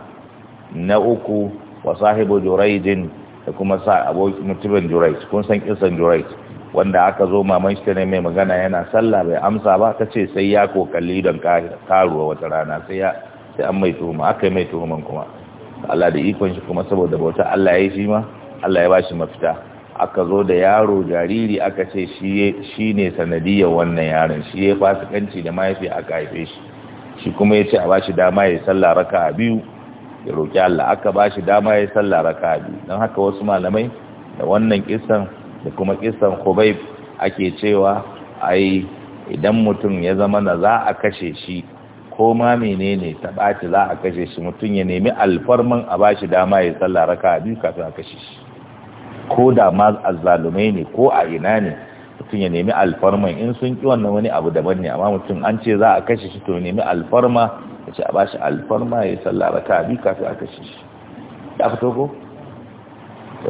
na uku wa sahibu juraidin da kuma sa abokin mutumin juraid kun san kisan juraid wanda aka zo maman shi ne mai magana yana sallah bai amsa ba ta ce sai ya kokalli don karuwa wata rana sai ya sai an mai tuhuma aka yi mai tuhuman kuma Allah da ikon shi kuma saboda bauta Allah ya yi shi ma Allah ya ba shi mafita aka zo da yaro jariri aka ce shi ne sanadiyar wannan yaron shi ya fasikanci da mahaifi aka haife shi shi kuma ya ce a bashi dama ya salla raka a biyu ya roƙi Allah aka bashi dama ya salla raka a biyu don haka wasu malamai da wannan kisan da kuma kisan Khubayb ake cewa ai idan mutum ya zama na za a kashe shi ko ma menene ta ɓaci za a kashe shi mutum ya nemi alfarman a bashi dama ya salla raka a biyu kafin a kashe shi ko da ma azzalumai ne ko a ina ne mutum ya nemi alfarma in sun ki wannan wani abu daban ne amma mutum an ce za a kashe shi to nemi alfarma ya ce a ba shi alfarma ya yi sallah ta bi kafin a kashe shi ya fito ko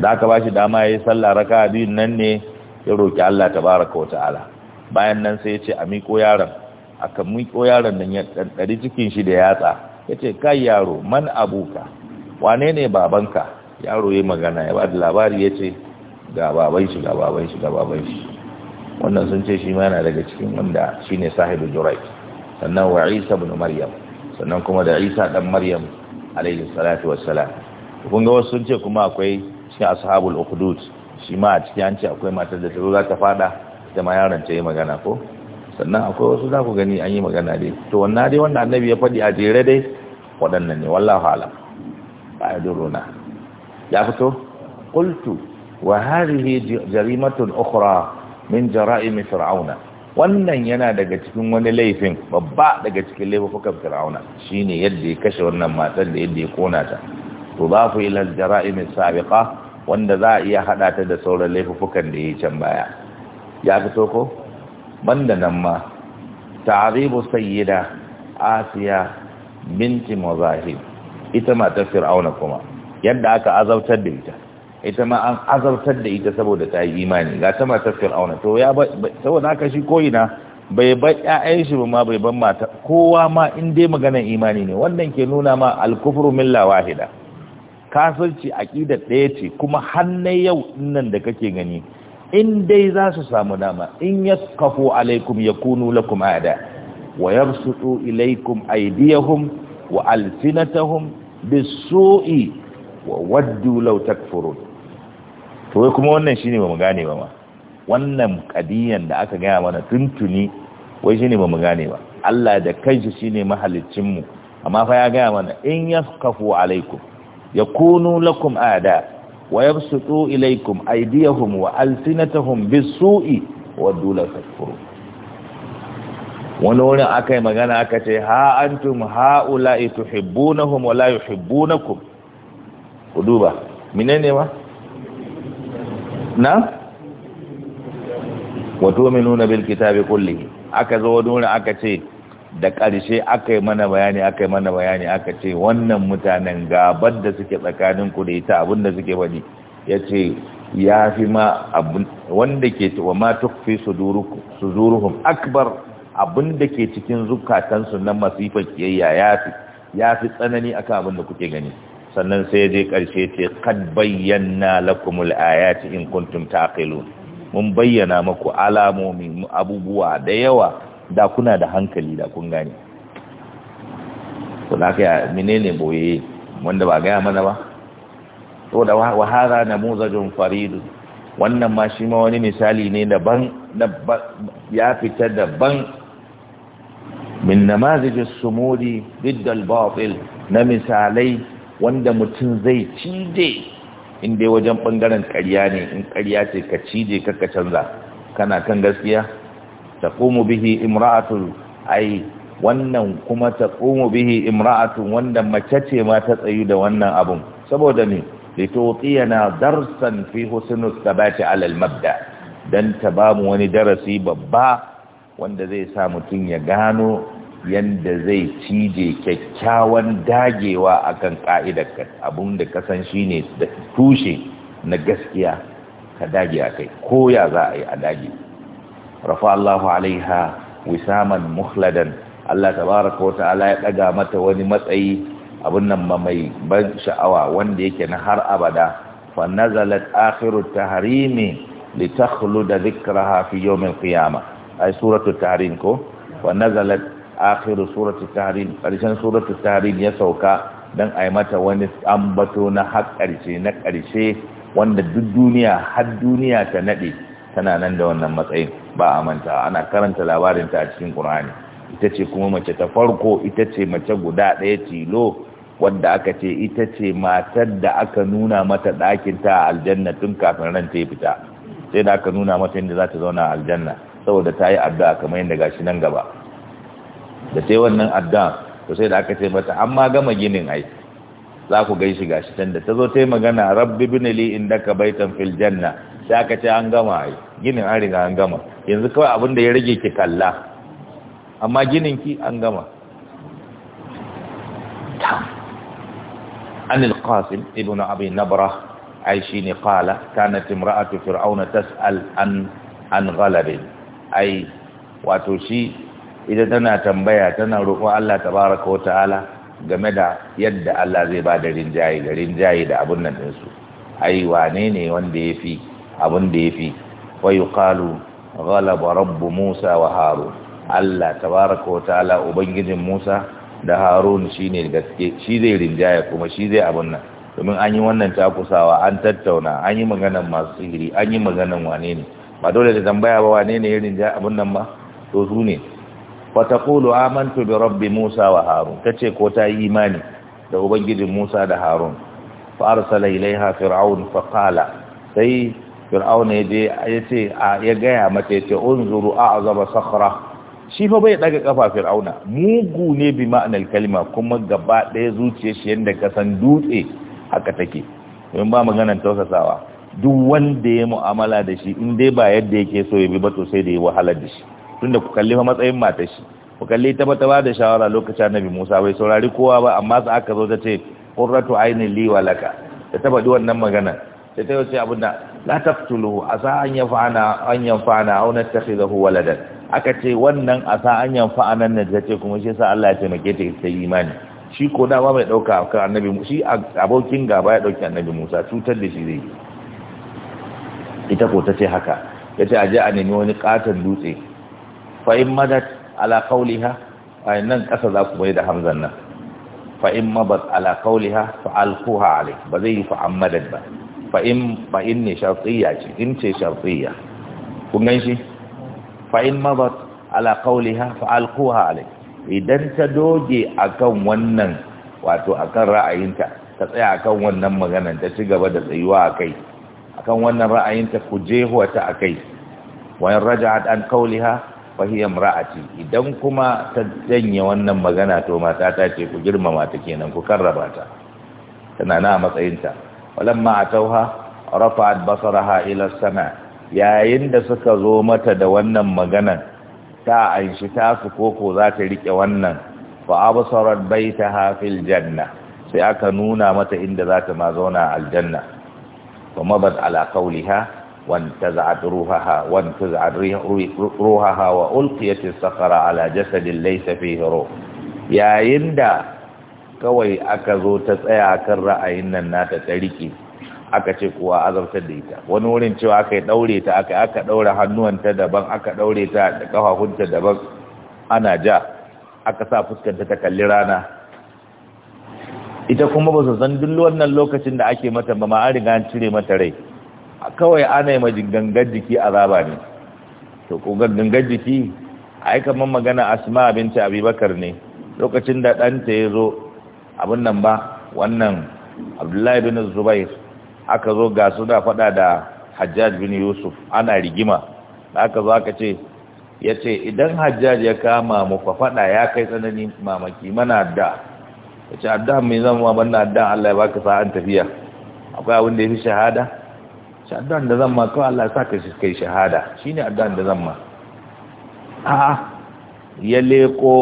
da aka ba shi dama ya yi sallah raka biyun nan ne ya roki Allah tabaraka wa ta'ala bayan nan sai ya ce a miƙo yaron aka miƙo yaron nan ya ɗanɗari cikin shi da yatsa ya ce kai yaro man abuka wane ne babanka yaro ya magana ya ba da labari ya ce ga baban shi ga baban shi ga baban shi wannan sun ce shi ma yana daga cikin wanda shi ne sahibu jurai sannan wa isa bin maryam sannan kuma da isa dan maryam alaihi salatu wassalam kun ga wasu sun ce kuma akwai cikin ashabul ukhdud shi ma a cikin an ce akwai matar da tazo za ta fada ita ma yaron ta yi magana ko sannan akwai wasu za ku gani an yi magana dai to wannan dai wanda annabi ya faɗi a jere dai waɗannan ne wallahu alam ba ya duruna ya fito qultu wa hadhihi jarimatun ukhra min jara'imi fir'auna wannan yana daga cikin wani laifin babba daga cikin laifukan fir'auna shine yadda ya kashe wannan matar da yadda ya kona ta tudafu ila al-jara'imi sabiqa wanda za a iya haɗa ta da sauran laifukan da yi can baya ya fito ko banda nan ma ta'ribu sayyida asiya binti muzahib ita matar fir'auna kuma yadda aka azabtar da ita ita ma an azabtar da ita saboda ta yi imani ga ta matar fir'auna to ya saboda haka shi koyina bai bar ƴaƴan shi ba ma bai bar mata kowa ma in dai maganar imani ne wannan ke nuna ma alkufru milla wahida kafirci aqida ɗaya ce kuma har na yau nan da kake gani in dai za su samu dama in yakafu alaikum ya yakunu lakum ada wa yabsutu ilaikum aydiyahum wa alsinatahum bisu'i wa waddu law takfurun to wai kuma wannan shine ba mu gane ba ma wannan kadiyan da aka gaya mana tuntuni wai shine ba mu gane ba Allah da kanshi shine mahaliccin mu amma fa ya gaya mana in yaskafu alaikum yakunu lakum aada wa yabsutu ilaikum aydiyahum wa alsinatahum bisu'i wa dula takfurun wani wurin aka yi magana aka ce ha antum ha'ula'i tuhibbunahum wa la yuhibbunakum uduba duba menene ma na wato min nuna bilkita kitabi kulle. aka zo nuna, aka ce da ƙarshe aka yi mana bayani aka yi mana bayani aka ce wannan mutanen gabar da suke tsakanin ku da ita abinda suke bani ya ce ya fi ma wanda ke wa ma tukfi su zuruhun akbar abinda ke cikin zukatansu na masifar kiyayya ya fi tsanani akan abinda kuke gani sannan sai ya je ƙarshe ce kad bayyana lakumul ayati in kuntum taqilun mun bayyana maku alamomi abubuwa da yawa da kuna da hankali da kun gane to da kai menene boye wanda ba gaya mana ba to da wa hada namuzajun farid wannan ma shi ma wani misali ne daban ya fita daban min namazijis sumudi bidda al-batil na misalai wanda mutum zai cije in dai wajen ɓangaren ƙarya ne in ƙarya ce ka cije ka canza kana kan gaskiya ta bihi imra'atul ai wannan kuma ta bihi imra'atun wanda mace ce ma ta tsayu da wannan abun saboda ne da na darsan fi husnus sabati alal mabda dan ta bamu wani darasi babba wanda zai sa mutum ya gano yanda zai cije kyakkyawan dagewa akan ka'idar abun da kasan shine da tushe na gaskiya ka dage a kai ko ya za a yi a dage rafa Allahu alaiha wisaman muhladan Allah ta tabaraka ala ya daga mata wani matsayi abun nan mai ban sha'awa wanda yake na har abada fa nazalat akhiru tahrimi litakhluda dhikraha fi yawm al-qiyamah ay suratul tahrim ko wa nazalat akhiru suratul tahrim karshen suratul tahrim ya sauka dan ai mata wani ambato na har karshe na karshe wanda duk duniya har duniya ta nade tana nan da wannan matsayin ba a manta ana karanta labarin ta a cikin Qur'ani ita ce kuma mace ta farko ita ce mace guda ɗaya tilo wadda aka ce ita ce matar da aka nuna mata ɗakin ta a aljanna tun kafin ran ta fita sai da aka nuna mata inda za ta zauna a aljanna saboda ta yi addu'a kamar yadda gashi nan gaba da sai wannan adda to sai da aka ce mata amma gama ginin ai za ku gai shi gashi Tanda ta zo ta yi magana rabbi bin li indaka baitan fil janna sai aka ce an gama ai ginin an riga an gama yanzu kawai abin da ya rage ki kalla amma ginin ki an gama عن القاسم ابن أبي نبرة أي شين قال كانت امرأة فرعون تسأل عن عن غلب أي shi. ita tana tambaya tana roƙon Allah tabaraka wa ta'ala game da yadda Allah zai ba da rinjaye da rinjaye da abun nan ɗinsu ai wane ne wanda ya fi abun da ya wa yuqalu ghalaba rabbu Musa wa Harun Allah tabaraka wa ta'ala ubangijin Musa da Harun shine gaske shi zai rinjaye kuma shi zai abun nan domin an yi wannan takusawa an tattauna an yi maganan masu sihiri an yi maganan wane ne ba dole da tambaya ba wane ne ya rinjaye abun nan ba to su ne fataqulu amantu bi rabbi Musa wa Harun tace ko ta yi imani da ubangijin Musa da Harun fa arsala ilaiha fir'aun fa qala sai fir'aun ya je ce ya gaya mata yace unzuru a'zaba sakhra shi fa bai daga kafa fir'auna mugu ne bi ma'anar kalma kuma gaba ɗaya zuciyar shi yanda ka san dutse haka take don ba maganar tausasawa duk wanda ya mu'amala da shi in dai ba yadda yake so ya bi ba to sai da ya wahalar da shi tunda ku kalli fa matsayin matar shi ku kalli ta bata ba da shawara lokacin annabi Musa bai saurari kowa ba amma sa aka zo ta ce qurratu aini li wa laka ta tabadi wannan magana sai ta ce abinda la taqtuluhu asa an yafana an yafana aw nattakhidahu waladan aka ce wannan asa an yafana ne ta ce kuma shi yasa Allah ya taimake ta ta imani shi ko ba bai dauka kan annabi shi abokin gaba ya dauki annabi Musa cutar da shi zai ita ko ta ce haka yace je a nemi wani katon dutse fa in madat ala qawliha ay nan ƙasa za ku bai da hamzan nan fa in mabat ala qawliha fa alai ba zai yi fa ammadat ba fa in in ne shartiyya ce in ce shartiyya kun gan shi fa in mabat ala qawliha fa alai idan ta doge a kan wannan wato a kan ra'ayinta ta tsaya a kan wannan maganan ta ci gaba da tsayuwa a kai, a kan wannan ra'ayinta ku jehuwa ta akai wa in raja'at an qawliha fahiyar ra'ati idan kuma ta janye wannan magana to mata ta ce ku girmama ta kenan ku karraba ta tana na matsayinta a tauha? rafa'at basaraha ila sama yayin da suka zo mata da wannan maganan ta anshi ta su koko za ta rike wannan fa absarat baitaha fil janna sai aka nuna mata inda za ta ma zauna aljanna kuma bad ala وانتزعت روحها وانتزعت روحها وألقيت الصخرة على جسد ليس فيه روح يا يندا kawai aka zo ta tsaya kan ra'ayin nan nata ta rike aka ce kuwa azabtar da ita wani wurin cewa aka daure ta aka aka hannuwan hannuwanta daban aka daure ta da ta daban ana ja aka sa fuskanta ta kalli rana ita kuma ba su san duk wannan lokacin da ake mata ba ma an riga an cire mata rai kawai ana yi ma jiki zaba ne to ko jiki, jiki ai kamar magana asma abinci abubakar ne lokacin da ɗanta ya zo abin nan ba wannan abdullahi bin zubair aka zo ga su da faɗa da hajjaj bin yusuf ana rigima da aka zo aka ce ya ce idan hajjaj ya kama mu fa faɗa ya kai tsananin mamaki mana da ya ce addu'a mai zama wannan addu'a, allah ya baka sa'an tafiya akwai abin da ya fi shahada ta addu'an da zan ma kawai Allah sa ka kai shahada shine addu'an da zan ma a'a ya leko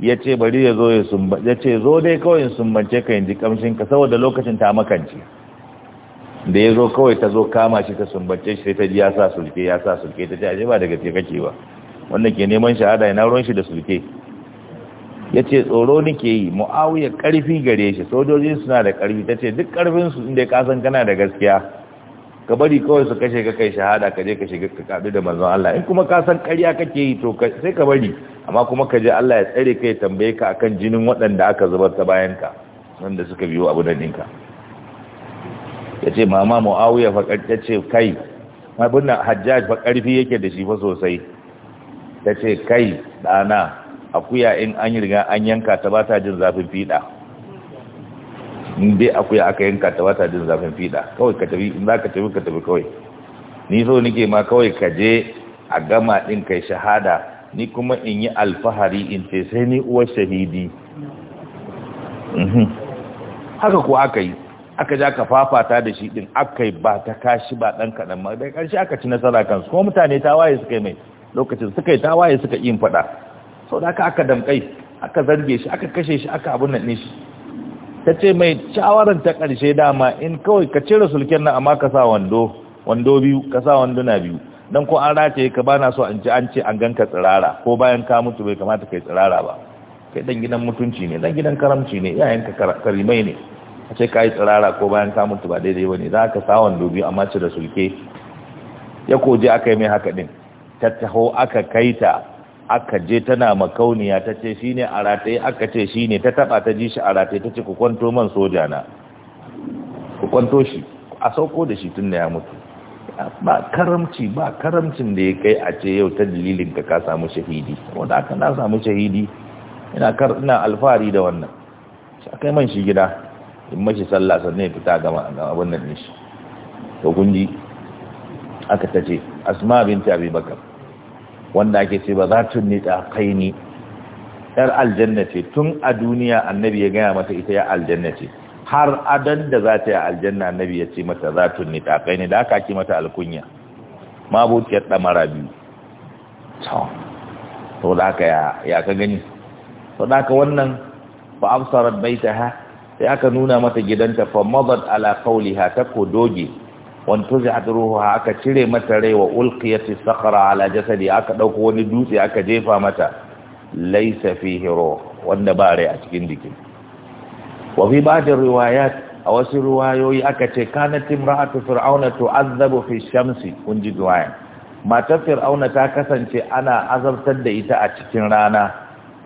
ya ce bari ya zo ya sumbace ya ce zo dai kawai sumbance ka yanzu kamshin ka saboda lokacin ta makance da ya zo kawai ta zo kama shi ta sumbance shi ta ji ya sa sulke ya sa sulke ta ce a ba daga gaske kake ba wanda ke neman shahada yana ruwan shi da sulke ya ce tsoro nike yi mu'awuyar karfi gare shi sojoji suna da karfi ta ce duk karfinsu inda ka kasan kana da gaskiya ka bari kawai su kashe ka kai shahada ka je ka shiga ka kadu da manzon Allah in kuma ka san ƙarya kake yi to sai ka bari amma kuma ka je Allah ya tsare ka ya tambaye ka akan jinin waɗanda aka zubar ta bayan ka wanda suka biyo abu da ninka ya ce mama mu'awiya faƙar ta ce kai abin nan hajjaj fa ƙarfi yake da shi fa sosai ta ce kai ɗana akuya in an yi riga an yanka ta ba ta jin zafin fiɗa in dai akwai aka yanka ta wata jin zafin fiɗa kawai ka tafi in za ka tafi ka tafi kawai ni so nike ma kawai ka je a gama din kai shahada ni kuma in yi alfahari in ce sai ni uwar shahidi mhm. haka ko aka yi aka ja ka fafata da shi din aka yi ba ta kashi ba dan kaɗan ma da ƙarshe aka ci nasara kansu kuma mutane ta waye suka yi mai lokacin suka yi ta waye suka yin faɗa sau da aka aka damƙai aka zarge shi aka kashe shi aka abin nan shi ta ce mai shawarar ta ƙarshe dama in kawai ka cire sulken nan amma ka sa wando wando biyu ka sa na biyu dan ko an rataye ka bana so an ci an ce an ganka tsirara ko bayan ka mutu bai kamata kai tsirara ba kai dan gidan mutunci ne dan gidan karamci ne ka karimai ne a ce ka yi tsirara ko bayan ka mutu ba daidai ba ne za ka sa wando biyu amma cire sulke ya koje aka yi mai haka din tattaho aka kai ta aka je tana makauniya ta ce shi ne a rataye aka ce shi ne ta taba ta ji shi a rataye ta ce ku kwanto man soja na ku kwanto shi a sauko da shi tun da ya mutu ba karamci ba karamcin da ya kai a ce yau ta dalilin ka ka samu shahidi wanda aka na samu shahidi ina kar ina alfahari da wannan shi kai man shi gida in mashi sallah sannan ya fita gama abin nan shi to kun ji aka tace asma binti abubakar wanda ake ce ba za ta ni ɗaƙaini ‘yar aljanna ce tun a duniya annabi ya gaya mata ita ya aljanna ce har adan da za ta yi aljanna annabi ya ce mata za tun ni da aka ake mata alkunya buke ɗamara biyu to da aka ya ka gani to da aka wannan ba amsarar baita ha sai aka nuna mata gidanta fa mazat ala qawliha ta ko doge wantuzi'at ruhuha aka cire mata rai wa ulqiyati sakhra ala jasadi aka ɗauka wani dutse aka jefa mata laysa fihi ruh wanda ba rai a cikin jikin wa fi da riwayat a wasu riwayoyi aka ce kanat imra'atu fir'auna tu'azzabu fi shamsi kun ji riwaya matar fir'auna ta kasance ana azabtar da ita a cikin rana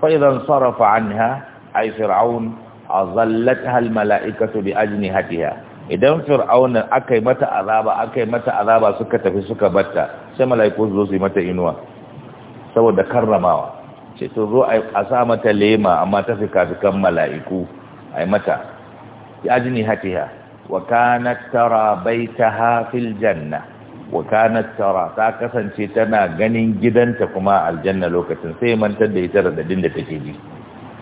fa idan sarafa anha ay fir'aun azallatha al mala'ikatu bi ajnihatiha idan fir'auna aka yi mata azaba aka yi mata azaba suka tafi suka batta sai mala'iku zo su yi mata inuwa saboda karramawa ce to zo a sa mata lema amma ta fi kafikan mala'iku a yi mata ya ajini ha. wa kanat tara baitaha fil janna wa kanat tara ta kasance tana ganin gidanta kuma aljanna lokacin sai mantar da ita radadin da take ji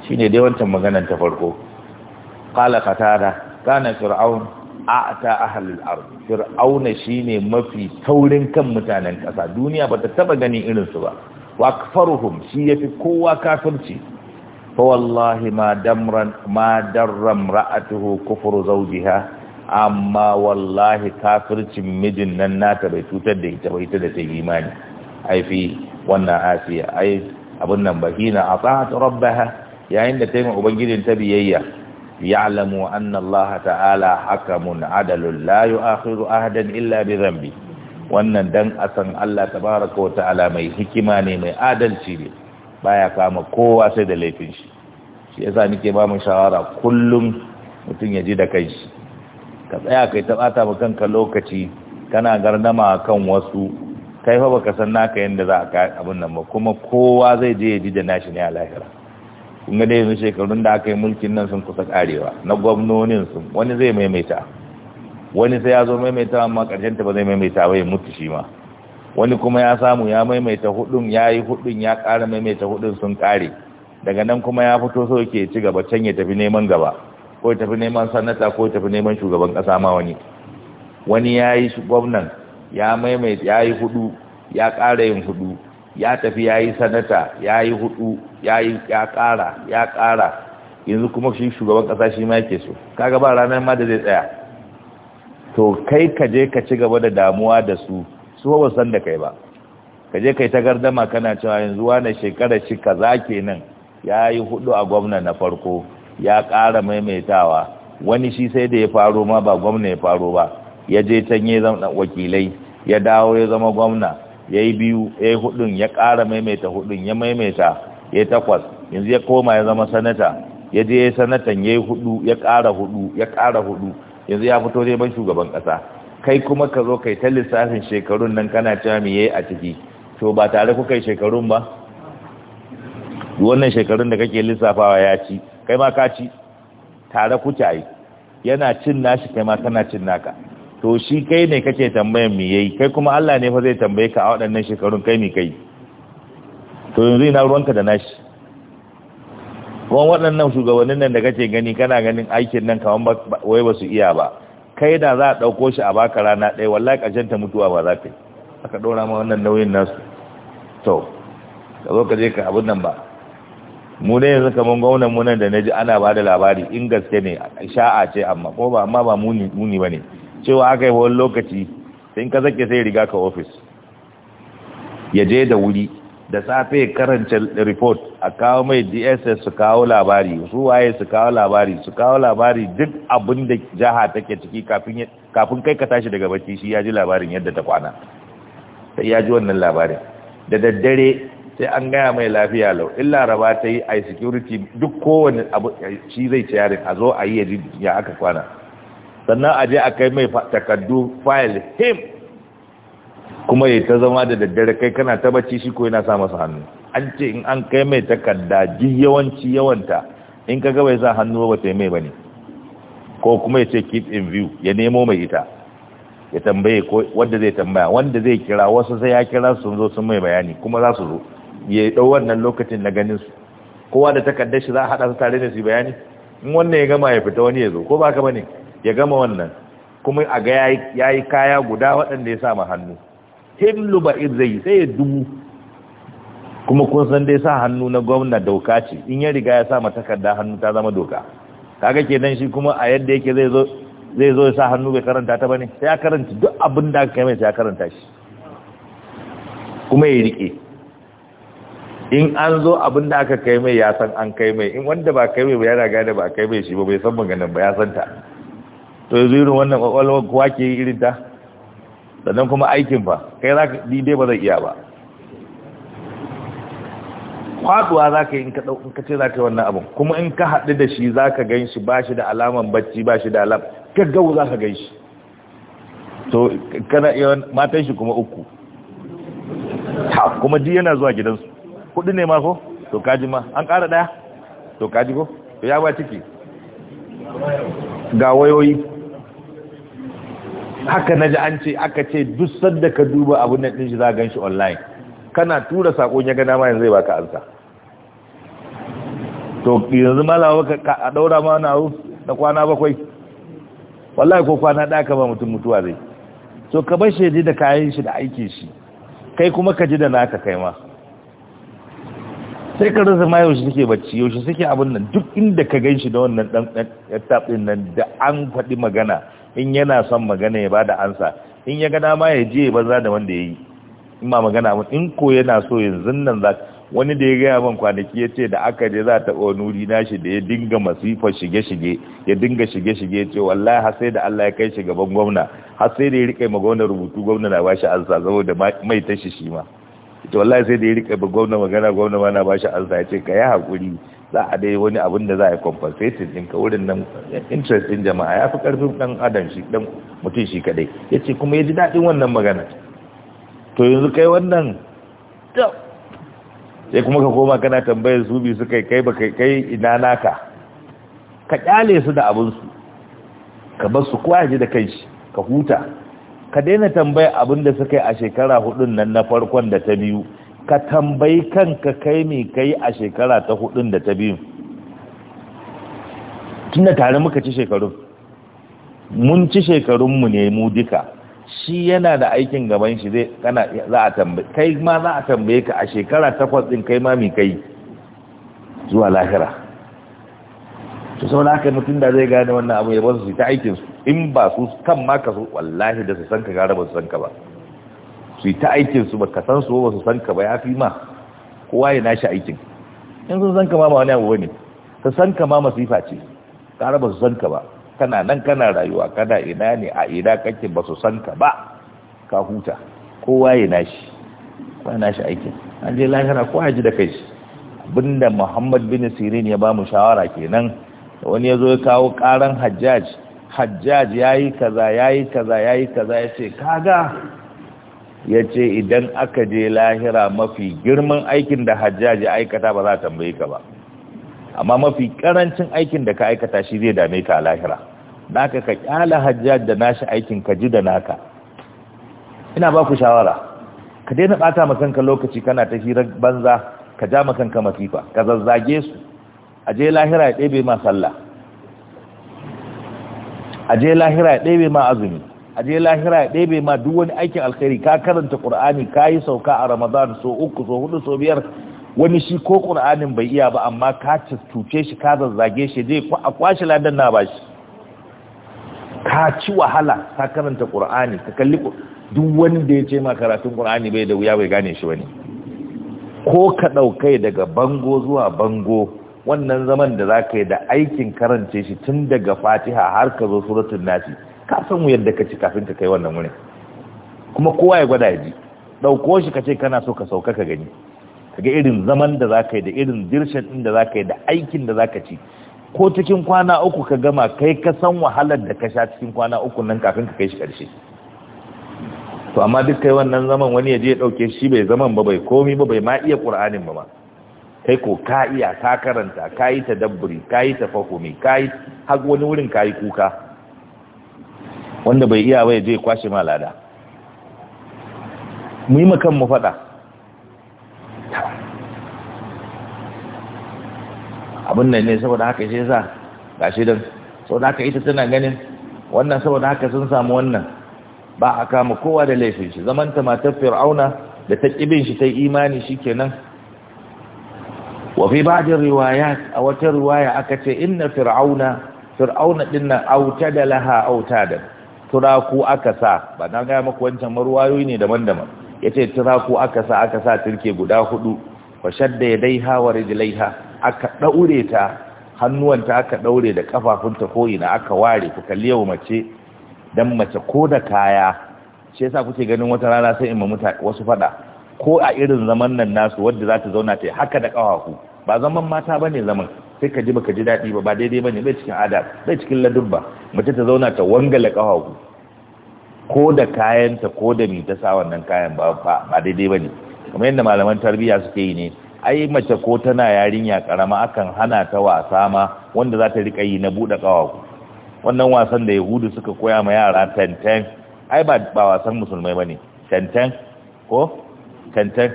shine dai wancan maganar ta farko qala qatada kana fir'aun a ta ahalul ard fir'auna shine mafi taurin kan mutanen ƙasa duniya bata taba ganin irin su ba wa akfaruhum shi yafi kowa kafirci fa wallahi ma damran ma darram ra'atuhu kufru zawjiha amma wallahi kafircin mijin nan nata bai cutar da ita ba ita da ta imani ai fi wannan asiya ai abin nan bahina atat rabbaha yayin da ta yi ubangijin ta biyayya ya'lamu anna Allah ta'ala mun adalun layu yu'akhiru ahadan illa bi dhanbi wannan dan asan Allah baraka wata ala mai hikima ne mai adalci ne baya kama kowa sai da laifin shi shi yasa nike ba mu shawara kullum mutum ya ji da kai shi ka tsaya kai ta bata ba kanka lokaci kana gardama kan wasu kai fa ka san naka yanda za ka abin nan ba kuma kowa zai je ya ji da nashi ne a lahira kun ga yanzu shekarun da aka yi mulkin nan sun kusa karewa na gwamnonin wani zai maimaita wani sai ya zo maimaita amma karshen ta ba zai maimaita ba ya mutu shi ma wani kuma ya samu ya maimaita hudun ya yi hudun ya ƙara maimaita hudun sun kare daga nan kuma ya fito so ke ci gaba can ya tafi neman gaba ko ya tafi neman sanata ko ya tafi neman shugaban kasa ma wani wani ya yi gwamnan ya maimaita ya yi hudu ya ƙara yin hudu ya tafi ya yi sanata ya yi hudu ya yi ya kara ya kara yanzu kuma shi shugaban kasa shi ma yake so kaga ba ranar ma da zai tsaya to kai ka je ka ci gaba da damuwa da su su ba san da kai ba ka je kai ta gardama kana cewa yanzu wani shekara shi kaza kenan ya yi hudu a gwamna na farko ya kara maimaitawa wani shi sai da ya faro ma ba gwamna ya faro ba ya je can ya zama wakilai ya dawo ya zama gwamna ya yi biyu ya yi hudun ya ƙara maimaita hudun ya maimaita ya yi takwas yanzu ya koma ya zama sanata ya je ya sanatan ya yi hudu ya ƙara hudu ya ƙara hudu yanzu ya fito neman shugaban ƙasa kai kuma ka zo kai ta lissafin shekarun nan kana cewa me yayi a ciki to ba tare ku kai shekarun ba wannan shekarun da kake lissafawa ya ci kai ma ka ci tare ku yi yana cin nashi kai ma kana cin naka to shi kai ne kake tambayan me yayi kai kuma Allah ne fa zai tambaye ka a waɗannan shekarun kai ne kai to yanzu ina ruwanka da nashi kuma waɗannan shugabannin nan da kake gani kana ganin aikin nan kaman wai ba su iya ba kai da za a ɗauko shi a baka rana ɗaya wallahi ƙarshen ta mutuwa ba za ka yi aka ɗora ma wannan nauyin nasu to ka zo ka je ka abin nan ba mu ne yanzu kamar gwamnan mu nan da na ji ana ba da labari in gaske ne sha'a ce amma ko ba amma ba muni ba ne cewa aka yi wani lokaci sai ka zake sai riga ka ofis ya je da wuri da safe ya karanta report a kawo mai dss su kawo labari su waye su kawo labari su kawo labari duk abin da jaha take ciki kafin kai ka tashi daga bacci shi ya ji labarin yadda ta kwana sai ya ji wannan labarin da daddare sai an gaya mai lafiya lau illa raba ta yi a security duk kowane abu shi zai ciyarin a zo a yi ya aka kwana sannan a je a kai mai takardu file him kuma ya ta zama da daddare kai kana tabbaci shi ko yana sa masa hannu an ce in an kai mai takarda ji yawanci yawanta in ka gaba ya sa hannu ba ta yi mai bane ko kuma ya ce keep in view ya nemo mai ita ya tambaye ko wanda zai tambaya wanda zai kira wasu sai ya kira sun zo sun mai bayani kuma za su zo ya yi dau wannan lokacin na ganin su kowa da takardar shi za a haɗa su tare da su bayani in wannan ya gama ya fita wani ya zo ko ba ka bane ya gama wannan kuma a ga ya yi kaya guda waɗanda ya sami hannu himlu ba'ir zai sai ya dubu kuma kun san dai sa hannu na gwamna doka ce in ya riga ya sama takarda hannu ta zama doka kaga nan shi kuma a yadda yake zai zo zai zo ya sa hannu bai karanta ta bane sai ya karanta duk abin da aka mai ya karanta shi kuma ya rike in an zo abin da aka kai mai ya san an kai mai in wanda ba kai mai ba yana gane ba kai mai shi ba bai san maganin ba ya san ta to yanzu irin wannan kwakwalwa kuwa ke yi irin ta sannan kuma aikin ba kai za ka dai ba zai iya ba kwaduwa za ka yi in ka ce za ka yi wannan abin kuma in ka haɗu da shi za ka gan shi ba shi da alaman bacci ba shi da alam gaggau za ka gan shi to kana iya matan shi kuma uku ha kuma ji yana zuwa gidansu Kuɗi ne ma ko to kaji ma an ƙara ɗaya to kaji ko to ya ba ciki ga wayoyi haka na ji an ce aka ce duk sanda ka duba abin nan ɗin shi za gan shi online kana tura saƙon ya gana ma yanzu zai baka ansa to yanzu malawa ka a ɗaura ma na hu da kwana bakwai wallahi ko kwana ɗaya ka ba mutum mutuwa zai to ka bar shi da kayan shi da aikin shi kai kuma ka ji da naka kai ma sai ka rasa ma yaushe suke bacci yaushe suke abin nan duk inda ka gan shi da wannan ɗan ɗan ɗin nan da an faɗi magana in yana son magana ya bada ansa in ya gada ma ya je banza da wanda yi in ma magana in ko yana so yanzu nan za wani da ya gaya man kwanaki ya ce da aka je za ta nuri na shi da ya dinga masifa shige-shige ya dinga shige-shige ya ce wallahi har sai da Allah ya kai shi gaban gwamna har sai da ya rike ma gwamna rubutu gwamna na bashi ansa saboda mai tashi shi ma ita wallahi sai da ya rike ma gwamna magana gwamna ma na bashi ansa ya ce ka yi hakuri za a dai wani abin da za a yi compensating din ka wurin nan interest din jama'a ya fi karfin dan adam shi dan mutum shi kadai ya ce kuma ya ji daɗin wannan magana to yanzu kai wannan sai kuma ka koma kana tambayar su bi su kai kai ba kai kai ina naka ka kyale su da abin su ka bar su kowa ji da kai shi ka huta ka daina tambayar abin da suka yi a shekara hudun nan na farkon da ta biyu ka tambayi kanka kai mai kai a shekara ta hudun da ta biyu tunda tare muka ci shekarun mun ci shekarunmu ne mu duka shi yana da aikin gaban shi zai kana za a tambaye kai ma za a tambaye ka a shekara takwas din kai ma mai kai zuwa lahira to sau haka mutum da zai gane wannan abu ya ba su ta aikin su in ba su kan ma ka su wallahi da su san ka gara ba su san ka ba su yi ta aikin ba ka san su ba su san ka ba ya fi ma kowa ya nashi aikin in sun san ka ma ba wani abu bane ka san ka ma masifa ce kare ba su san ka ba kana nan kana rayuwa kana ina ne a ina kake ba su san ka ba ka huta kowa ya nashi kowa nashi aikin an je lahira kowa ji da kai shi abinda muhammad bin sirin ya ba mu shawara kenan da wani ya zo ya kawo karan hajjaj hajjaj ya yi kaza ya yi kaza ya yi kaza ya ce kaga ya ce idan aka je lahira mafi girman aikin da hajjaji aikata ba za a tambaye ka ba amma mafi karancin aikin da ka aikata shi zai dame ka a lahira naka ka kyala hajjaji da nashi aikin ka ji da naka ina ba ku shawara ka daina bata makanka lokaci kana ta hirar banza ka ja makanka masifa ka zazzage su a je lahira ya ɗebe ma sallah a je lahira ya ɗebe ma azumi a je lahira ya ɗebe ma duk wani aikin alkhairi ka karanta qur'ani ka yi sauka a ramadan so uku so hudu so biyar wani shi ko qur'anin bai iya ba amma ka cuce shi ka zazzage shi je a kwashi ladan na bashi ka ci wahala ka karanta qur'ani ka kalli duk wani da ya ce ma karatun qur'ani bai da wuya bai gane shi wani ko ka ɗaukai daga bango zuwa bango wannan zaman da za ka yi da aikin karance shi tun daga fatiha har ka zo suratun nasi ka san mu yadda ka ci kafin ka kai wannan wurin kuma kowa ya gwada ji ɗauko shi ka ce kana so ka sauka ka gani ka ga irin zaman da za ka yi da irin dirshan ɗin da za ka yi da aikin da za ka ci ko cikin kwana uku ka gama kai ka san wahalar da ka sha cikin kwana uku nan kafin ka kai shi ƙarshe to amma duk kai wannan zaman wani ya je ya ɗauke shi bai zaman ba bai komi ba bai ma iya ƙur'anin ba ma kai ko ka iya ka karanta ka yi ta dabburi, ka yi ta fahumi, ka yi har wani wurin ka yi kuka wanda bai iya bai zai kwashe ma lada mu yi makan mu fada abin nan ne saboda haka shi yasa gashi dan saboda haka ita tana ganin wannan saboda haka sun samu wannan ba a kama kowa da laifin shi zaman ta matar fir'auna da ta kibin shi ta imani shi kenan wa ba ba'd riwayat a wata riwaya aka ce inna fir'auna fir'auna dinnan autada laha da. turaku aka sa ba na gaya maku wancan marwayoyi ne daban-daban ya ce turaku aka sa aka sa turke guda hudu fashar da ya dai hawa rijilaiha aka ɗaure ta hannuwanta aka ɗaure da ƙafafunta ko'ina aka ware ku kalli yau mace don mace ko da kaya ce sa kuke ganin wata rana sai in mamuta wasu faɗa ko a irin zaman nan nasu wadda za ta zauna ta haka da kafafu ba zaman mata ba ne zaman sai ka ji baka ji daɗi ba ba daidai ba ne bai cikin adab bai cikin ladubba mace ta zauna ta wangala kafafu ko da kayanta ko da mai ta sa wannan kayan ba ba daidai ba ne kamar yadda malaman tarbiyya suke yi ne ai mace ko tana yarinya karama akan hana ta wasa ma wanda za ta rika yi na buɗe ƙawaku wannan wasan da yahudu suka koya ma yara tantan ai ba ba wasan musulmai bane tantan ko tantan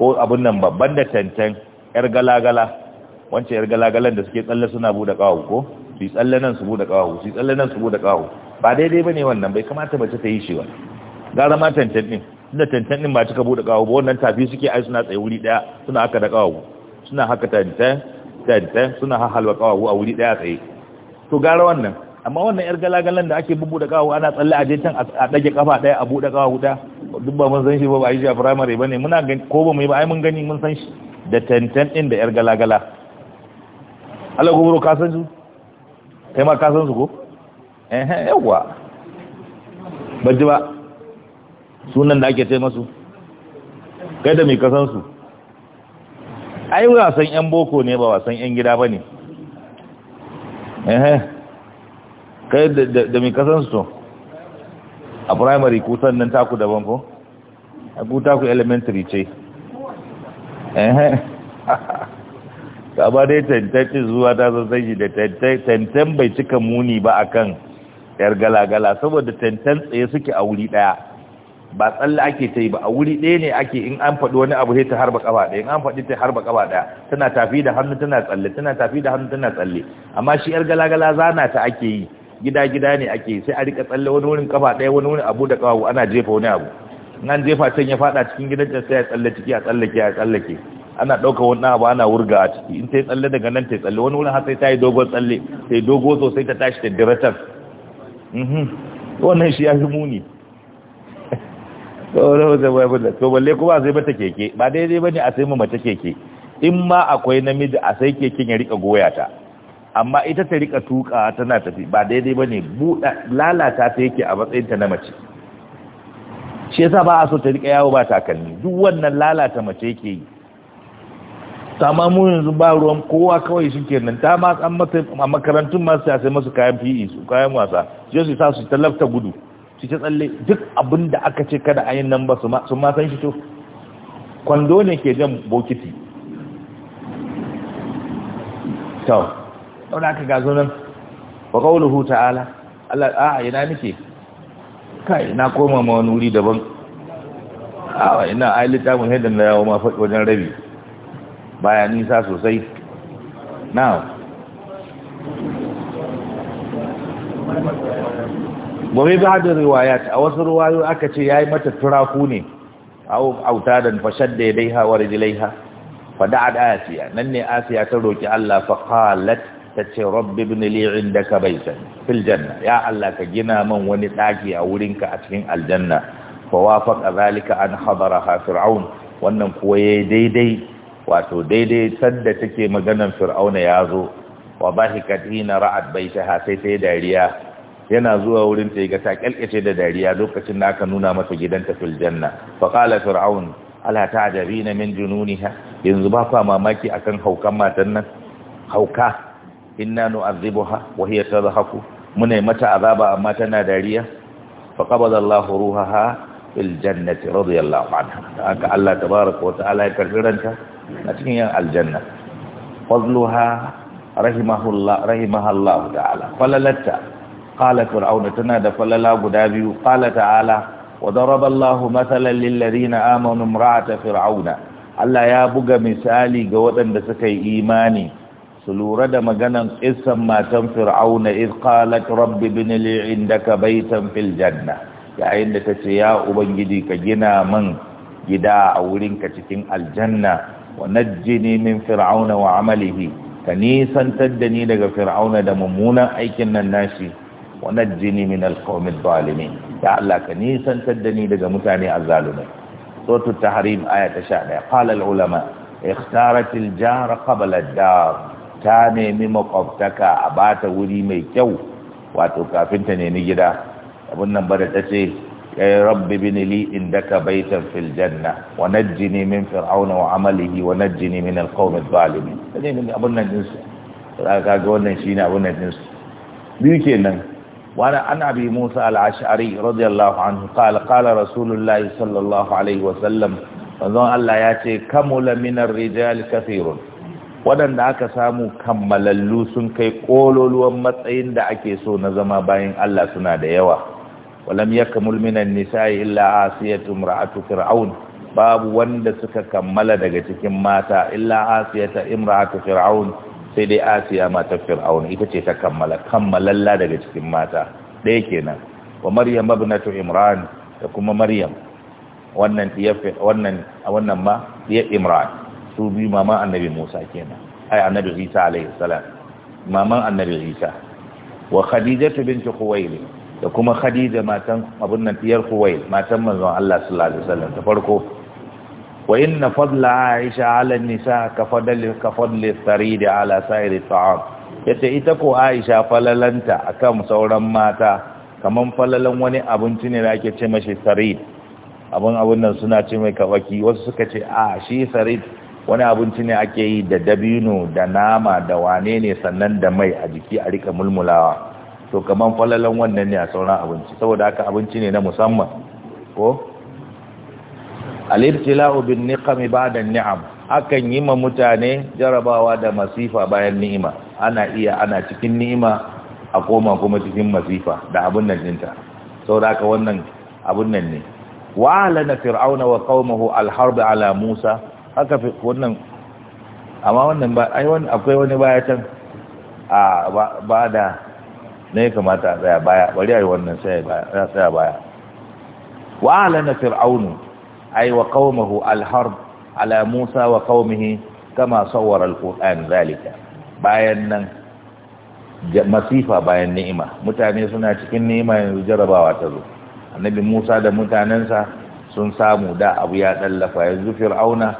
ko abun nan babban da tantan yar galagala wancan yar galagalan da suke tsalle suna buɗe ƙawaku ko su tsalle nan su buɗe ƙawaku su tsalle nan su buɗe ƙawaku ba daidai ba ne wannan bai kamata mace ta yi shi ba gara ma tantan ɗin tunda tantan ɗin ba cika buɗe ƙawo ba wannan tafi suke ai suna tsaye wuri ɗaya suna haka da ƙawo suna haka tantan tantan suna hahalwa ƙawo a wuri ɗaya tsaye to gara wannan amma wannan yar galagalan da ake bubbuɗe ƙawo ana tsalle a je can a ɗage ƙafa ɗaya a buɗe ƙawo guda duk ba mun san shi ba ba a yi shi a firamare ba ne muna gani ko ba mu yi ba ai mun gani mun san shi da tantan ɗin da yar galagala Allah gubaro ka san su kai ma ka san su ko ehe ba ji ba sunan da ake ce masu kai da mai kasansu ai wasan 'yan boko ne ba wasan 'yan gida ba ne ehe kai da mai kasansu a primary ku sannan taku daban ko a ku taku elementary ce ehe ba dai tantance zuwa ta sassan shi da tantan bai cika muni ba akan yar gala-gala saboda tantan tsaye suke a wuri daya ba tsalle ake ta yi ba a wuri ɗaya ne ake in an faɗi wani abu sai ta harba ƙafa ɗaya in an faɗi ta harba ƙafa ɗaya tana tafi da hannu tana tsalle tana tafi da hannu tana tsalle amma shi yar gala-gala zana ta ake yi gida-gida ne ake yi sai a rika tsalle wani wurin ƙafa ɗaya wani wurin abu da ƙafa ana jefa wani abu in an jefa can ya faɗa cikin gidan can sai ya tsalle ciki a tsallake tsalle tsallake ana ɗauka wani abu ana wurga a ciki in ta yi tsalle daga nan ta yi tsalle wani wurin har sai ta yi dogon tsalle sai dogo sosai ta tashi ta diratar Mhm. wannan shi ya fi muni to balle kuma sai mata keke ba daidai ba ne a sai mata keke in ma akwai namiji a sai keken ya rika goya ta amma ita ta rika tuka tana tafi ba daidai ba ne lalata ta yake a matsayinta na mace shi yasa ba a so ta rika yawo ba takalmi duk wannan lalata mace yake yi ma mu yanzu ba ruwan kowa kawai shi kenan ta ma an mata a makarantun masu sai masu kayan PE su kayan wasa shi su sa su talafta gudu su ta tsalle duk abin da aka ce kada a yi nan ba su ma san shi to kwando ne ke jan bokiti tau ɗauna aka gazo nan wa ƙaunuhu ta'ala Allah a ina nake kai na koma ma wani wuri daban a ina a yi littafin da na yawo ma wajen rabi baya nisa sosai na gobe ba da riwayat a wasu ruwayo aka ce yayi mata turaku ne au da fashadda yadaiha wa rijlaiha fada'at asiya nan ne asiya ta roki Allah fa qalat tace rabbi ibn li indaka baytan fil janna ya Allah ka gina man wani daki a wurinka a cikin aljanna fa wafaqa zalika an hadaraha fir'aun wannan kuwa yayi daidai wato daidai sadda take maganan fir'auna ya zo wa bahikat ra'ad bai ta sai yi dariya yana zuwa wurin ta ga ta kalkace da dariya lokacin da aka nuna mata gidanta fil janna fa qala fir'aun ala na min jununiha yanzu ba kwa mamaki akan haukan matan nan hauka inna nu'adhibuha wa hiya tadhaku muna mata azaba amma tana dariya fa qabada Allahu ruhaha fil jannati radiyallahu anha aka Allah ta wa ta'ala ya karbi ranta a cikin yan aljanna fadluha rahimahullah ta'ala falalatta qala fir'auna tana da falala guda biyu qala ta'ala wa daraba Allah mathalan lil ladina amanu imra'ata fir'auna Allah ya buga misali ga waɗanda suka yi imani su lura da maganan ƙisan matan fir'auna iz qalat rabbi bin li indaka baitan fil janna yayin da tace ya ubangiji ka gina man gida a wurinka cikin aljanna wa min fir'auna wa amalihi ka nisantar da daga fir'auna da mummunan aikin nan nashi wa najjini min alqawmil zalimin ya Allah ka nisantar da ni daga mutane a azzalumai ta tahrim aya ta sha qala al ulama ikhtarat al jar qabla ad dar ta nemi makwabtaka a bata wuri mai kyau wato kafinta ta nemi gida abun nan bada ta ce يا رب ابن لي عندك بيتا في الجنة ونجني من فرعون وعمله ونجني من القوم الظالمين هذه من أبونا الجنس kaga wannan shine abun nan din su biyu kenan wa an abi Musa al-Ash'ari radiyallahu anhu qala qala Rasulullah sallallahu alaihi wa sallam Allah ya ce kamula minar rijal kathirun Waɗanda aka samu kammalallu sun kai kololuwan matsayin da ake so na zama bayan Allah suna da yawa walam yakmul minan nisa'i illa asiyatu imra'atu fir'aun babu wanda suka kammala daga cikin mata illa asiyata imra'atu fir'aun sai dai asiya matar fir'aun ita ce ta kammala kammalalla daga cikin mata ɗaya kenan wa maryam ibnatu da kuma maryam wannan wannan ma diyar imran su bi mama annabi musa kenan ai annabi isa alaihi salam maman annabi isa wa khadijatu binti khuwailid da kuma khadija matan abun nan diyar huwai matan manzon Allah sallallahu alaihi wasallam ta farko wa inna fadla aisha ala nisa ka fadli ka fadli sarid ala sa'iri ta'am yace ita ko aisha falalanta akan sauran mata kaman falalan wani abinci ne da ake ce mashi sarid abun abun nan suna ce mai kawaki wasu suka ce a shi sarid wani abinci ne ake yi da dabino da nama da wane ne sannan da mai a jiki a rika mulmulawa to kaman falalan wannan ne a sauran abinci saboda haka abinci ne na musamman ko al-ibtila'u bin niqami ba'da ni'am akan yi ma mutane jarabawa da masifa bayan ni'ima ana iya ana cikin ni'ima a koma kuma cikin masifa da abun nan dinta saboda haka wannan abun nan ne wa alana fir'auna wa qaumuhu al-harb ala musa haka wannan amma wannan ba ai wani akwai wani baya can a ba da ne ya kamata a tsaya baya bari a yi wannan sai ya tsaya baya wa alana fir'aunu ay wa qaumahu al-harb ala musa wa qaumihi kama sawara al-qur'an zalika bayan nan masifa bayan ni'ima mutane suna cikin ni'ima yanzu jarabawa ta zo annabi musa da mutanensa sun samu da abu ya dallafa yanzu fir'auna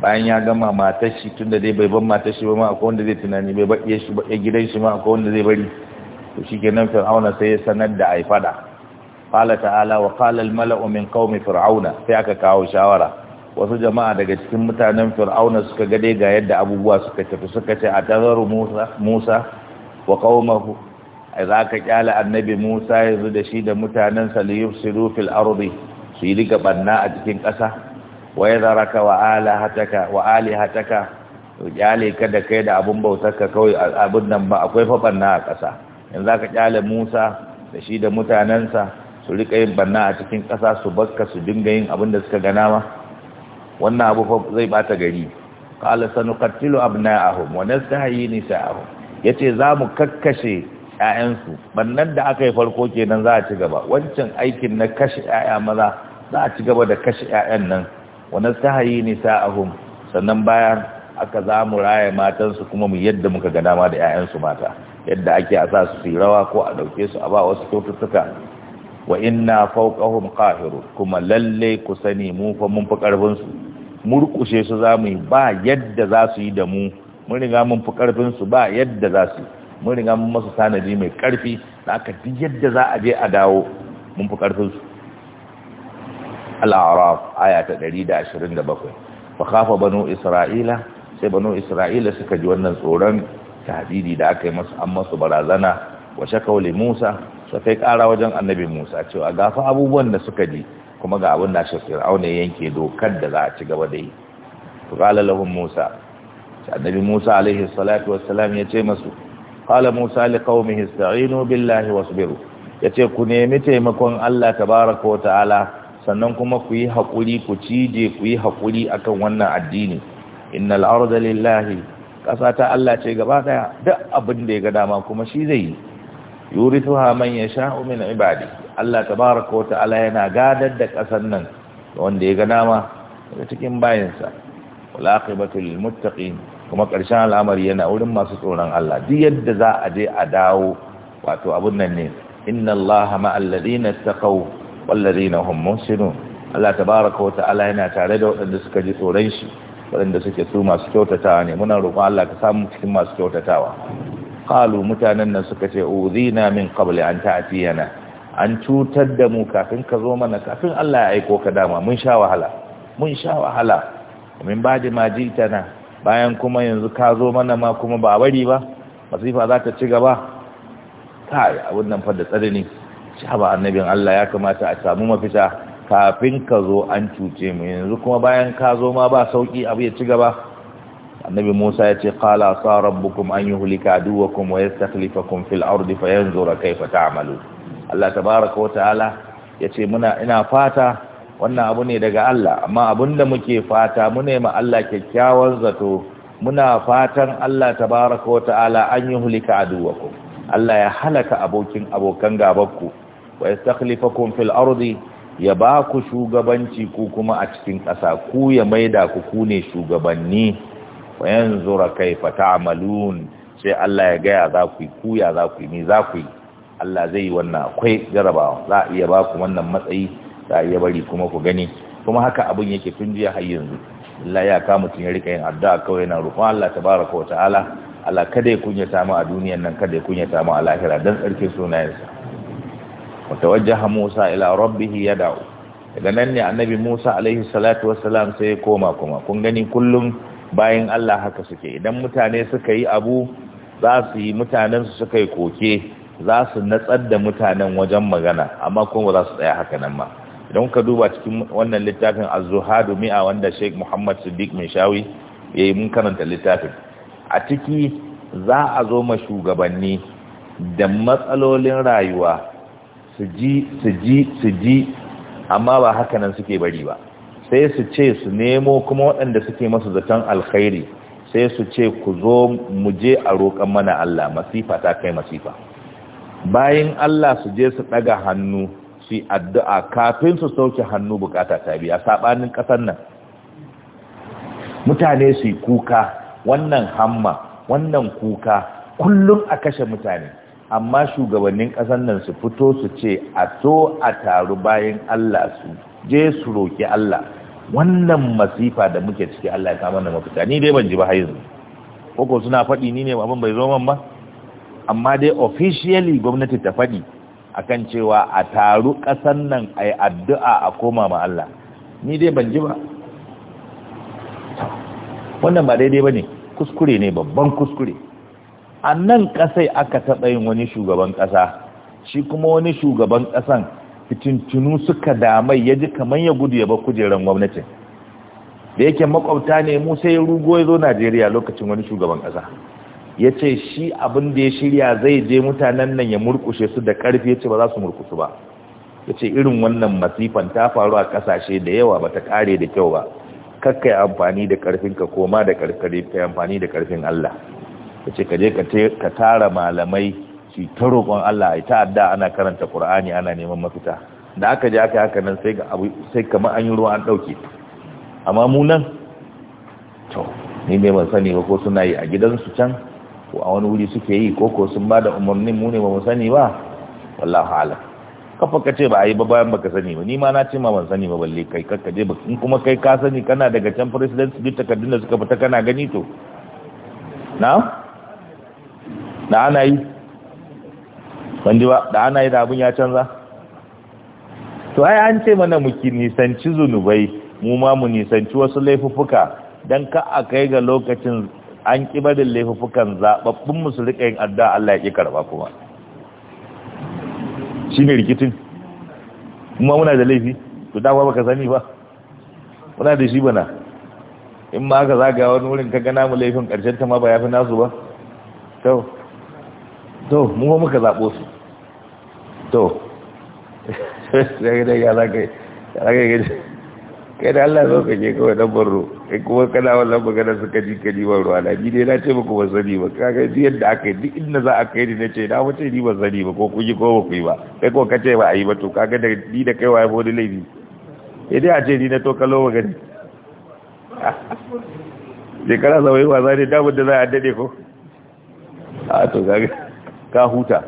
bayan ya gama matashi tunda dai bai ban matashi ba ma akwai wanda zai tunani bai baƙe shi ba gidan shi ma akwai wanda zai bari to nan fir'auna sai ya sanar da ai fada qala ta'ala wa qala al mala'u min qaumi fir'auna sai aka kawo shawara wasu jama'a daga cikin mutanen fir'auna suka ga dai ga yadda abubuwa suka tafi suka ce a tazaru musa musa wa qaumahu za ka kyala annabi musa yanzu da shi da mutanen saliyuf siru fil ardi su yi riga banna a cikin ƙasa wa ya zaraka wa alihataka wa alihataka kyale ka da kai da abun bautarka kawai abun nan ba akwai fa banna a ƙasa in za ka kyale musa da shi da mutanensa su rika yin banna a cikin ƙasa su bakka su dinga yin abin da suka gana ma wannan abu zai bata gari qala sanuqattilu abna'ahum wa nastahyi nisa'ahum yace za mu kakkashe ƴaƴansu bannan da aka yi farko kenan za a ci gaba wancan aikin na kashe ƴaƴa maza za a ci gaba da kashe ƴaƴan nan wa a nisa'ahum sannan bayan aka za mu raya matansu kuma mu yadda muka ga dama da 'ya'yansu mata yadda ake a sa su rawa ko a ɗauke su a ba wasu kyaututtuka wa inna fawqahum qahiru kuma lalle ku sani mu fa mun fi ƙarfin su murkushe su za mu yi ba yadda za su yi da mu mun riga mun fi su ba yadda za su mun riga mun masa tanadi mai karfi da aka ji yadda za a je a dawo mun fi karfin su al-a'raf aya ta 127 fa khafa banu isra'ila sai banu isra'ila suka ji wannan tsoron tahdidi da aka yi masa an masu barazana wa musa sai kai kara wajen annabi musa cewa gafa abubuwan da suka ji kuma ga abin da shi ya yanke dokar da za a ci gaba da yi qala lahum musa annabi musa alaihi salatu wassalam ya ce masu qala musa li qaumihi ista'inu billahi wasbiru yace ku nemi taimakon Allah tabaaraka wa ta'ala sannan kuma ku yi hakuri ku cije ku yi hakuri akan wannan addini Inna arda lillahi ƙasa ta Allah ce gaba ɗaya duk abin da ya ga dama kuma shi zai yi yurithuha ya sha min ibadi Allah tabaaraka wa ala yana gadar da ƙasar nan wanda ya ga dama daga cikin bayansa wal muttaqin kuma ƙarshen al'amari yana wurin masu tsoron Allah duk yadda za a je a dawo wato abun nan ne inna Allah ma'al ladina taqaw wal ladina hum muhsinun Allah tabaaraka wa ta'ala yana tare da waɗanda suka ji tsoron shi waɗanda suke su masu kyautatawa ne muna roƙon Allah ka samu cikin masu kyautatawa qalu mutanen nan suka ce uzina min qabli an ta'tiyana an cutar da mu kafin ka zo mana kafin Allah ya aiko ka dama mun sha wahala mun sha wahala min badi ma jitana bayan kuma yanzu ka zo mana ma kuma ba bari ba masifa za ta ci gaba kai abun nan fa da ne. sha ba annabin Allah ya kamata a samu mafita kafin ka zo an cuce mu yanzu kuma bayan ka zo ma ba sauki abu ya ci gaba annabi Musa ya ce qala sa rabbukum an yuhlika aduwakum wa yastakhlifakum fil ardi fayanzura kayfa ta'malu Allah tabaaraka wa ta'ala yace muna ina fata wannan abu ne daga Allah amma abinda muke fata mu ma Allah kyakkyawan zato muna fatan Allah tabaaraka wa ta'ala an yuhlika aduwakum Allah ya halaka abokin abokan gabanku wa yastakhlifakum fil ardi ya ba ku shugabanci ku kuma a cikin ƙasa ku ya maida ku ku ne shugabanni wa yanzu ra kaifa ta'malun sai Allah ya gaya za ku yi ku ya za ku yi ni za ku yi Allah zai yi wannan akwai jarabawa za a iya ba ku wannan matsayi za a iya bari kuma ku gani kuma haka abin yake tun jiya har yanzu Allah ya ka mutum ya rika yin addu'a kawai yana roƙon Allah tabaraka wa ta'ala Allah kada ya kunyata mu a duniyar nan kada ya kunyata mu a lahira dan tsarkin sunayensa watawajjaha Musa ila rabbih yad'u daga nan ne annabi Musa alaihi salatu wassalam sai ya koma kuma kun gani kullum bayan Allah haka suke idan mutane suka yi abu za su yi mutanen su suka yi koke za su natsar da mutanen wajen magana amma kuma za su tsaya haka nan ma idan ka duba cikin wannan littafin az-zuhadu mi'a wanda Sheikh Muhammad Siddiq Mishawi yayi mun karanta littafin a ciki za a zo ma shugabanni da matsalolin rayuwa su ji su ji su ji amma ba hakanan suke bari ba sai su ce su nemo kuma waɗanda suke masu zaton alkhairi sai su ce ku zo mu je a roƙon mana Allah masifa ta kai masifa bayan Allah su je su ɗaga hannu su addu'a kafin su sauke hannu bukata ta biya saɓanin ƙasar nan mutane su kuka wannan hamma wannan kuka kullum a kashe mutane amma shugabannin ƙasar nan su fito su ce a so a taru bayan Allah su je su roƙi Allah wannan masifa da muke ciki Allah ya kama da mafita ni dai ban ji ba haizu koko suna faɗi ni ne abin bai zo man ba amma dai officially gwamnati ta faɗi kan cewa a taru ƙasar nan a yi addu'a a koma ma Allah ni dai ban ji ba wannan ba daidai ba ne kuskure ne babban kuskure a nan kasai aka taɓa yin wani shugaban ƙasa shi kuma wani shugaban ƙasan fitintunu suka damai ya ji kamar ya gudu ya bar kujerar gwamnatin da yake makwabta ne mu sai rugo ya zo najeriya lokacin wani shugaban ƙasa ya ce shi abin da ya shirya zai je mutanen nan ya murkushe su da ƙarfi ya ce ba za su murkusu ba ya ce irin wannan masifan ta faru a ƙasashe da yawa ba ta ƙare da kyau ba kakka amfani da ƙarfinka koma da ƙarfi amfani da ƙarfin allah ta ce kaje ka tara malamai su ta roƙon Allah ya ta'adda ana karanta Qur'ani ana neman mafita da aka je aka haka nan sai abu sai kamar an yi ruwa an dauke amma mu nan to ni ne ban sani ba ko suna yi a gidansu can ko a wani wuri suke yi ko ko sun ba da umarnin mu ne ba mu sani ba Wallahu alam kafa ka ce ba a yi ba bayan baka sani ba ni ma na ce ma ban sani ba balle kai kakka je ba in kuma kai ka sani kana daga can president duk takardun da suka fita kana gani to na da ana yi wanda ba da ana yi da abin ya canza to ai an ce mana mu nisanci zunubai mu ma mu nisanci wasu laifuffuka don ka a kai ga lokacin an kibarin laifuffukan zaɓaɓɓun musu riƙa yin adda Allah ya ƙi karɓa kuma shi ne rikicin kuma muna da laifi to dama baka sani ba muna da shi bana in ma aka zagawa wani wurin ka gana mu laifin ƙarshen ta ma ba ya fi nasu ba to to mu muka zaɓo su to daga (laughs) da ya zaka kai da Allah zo kake je kawai dan barro kai kuma kana wannan magana suka ji ka ban ruwa na ni dai na ce muku ban sani ba kaga duk yadda aka yi duk inda za a kai ni na ce na wuce ni ban sani ba ko ku ji ko ba ku yi ba kai ko ka ce ba a yi ba to kaga da ni da kai waye bodi laifi sai dai a ce ni na to kallo magana magani kana zama yi wasa ne damar da za a dade ko a to kaga ka huta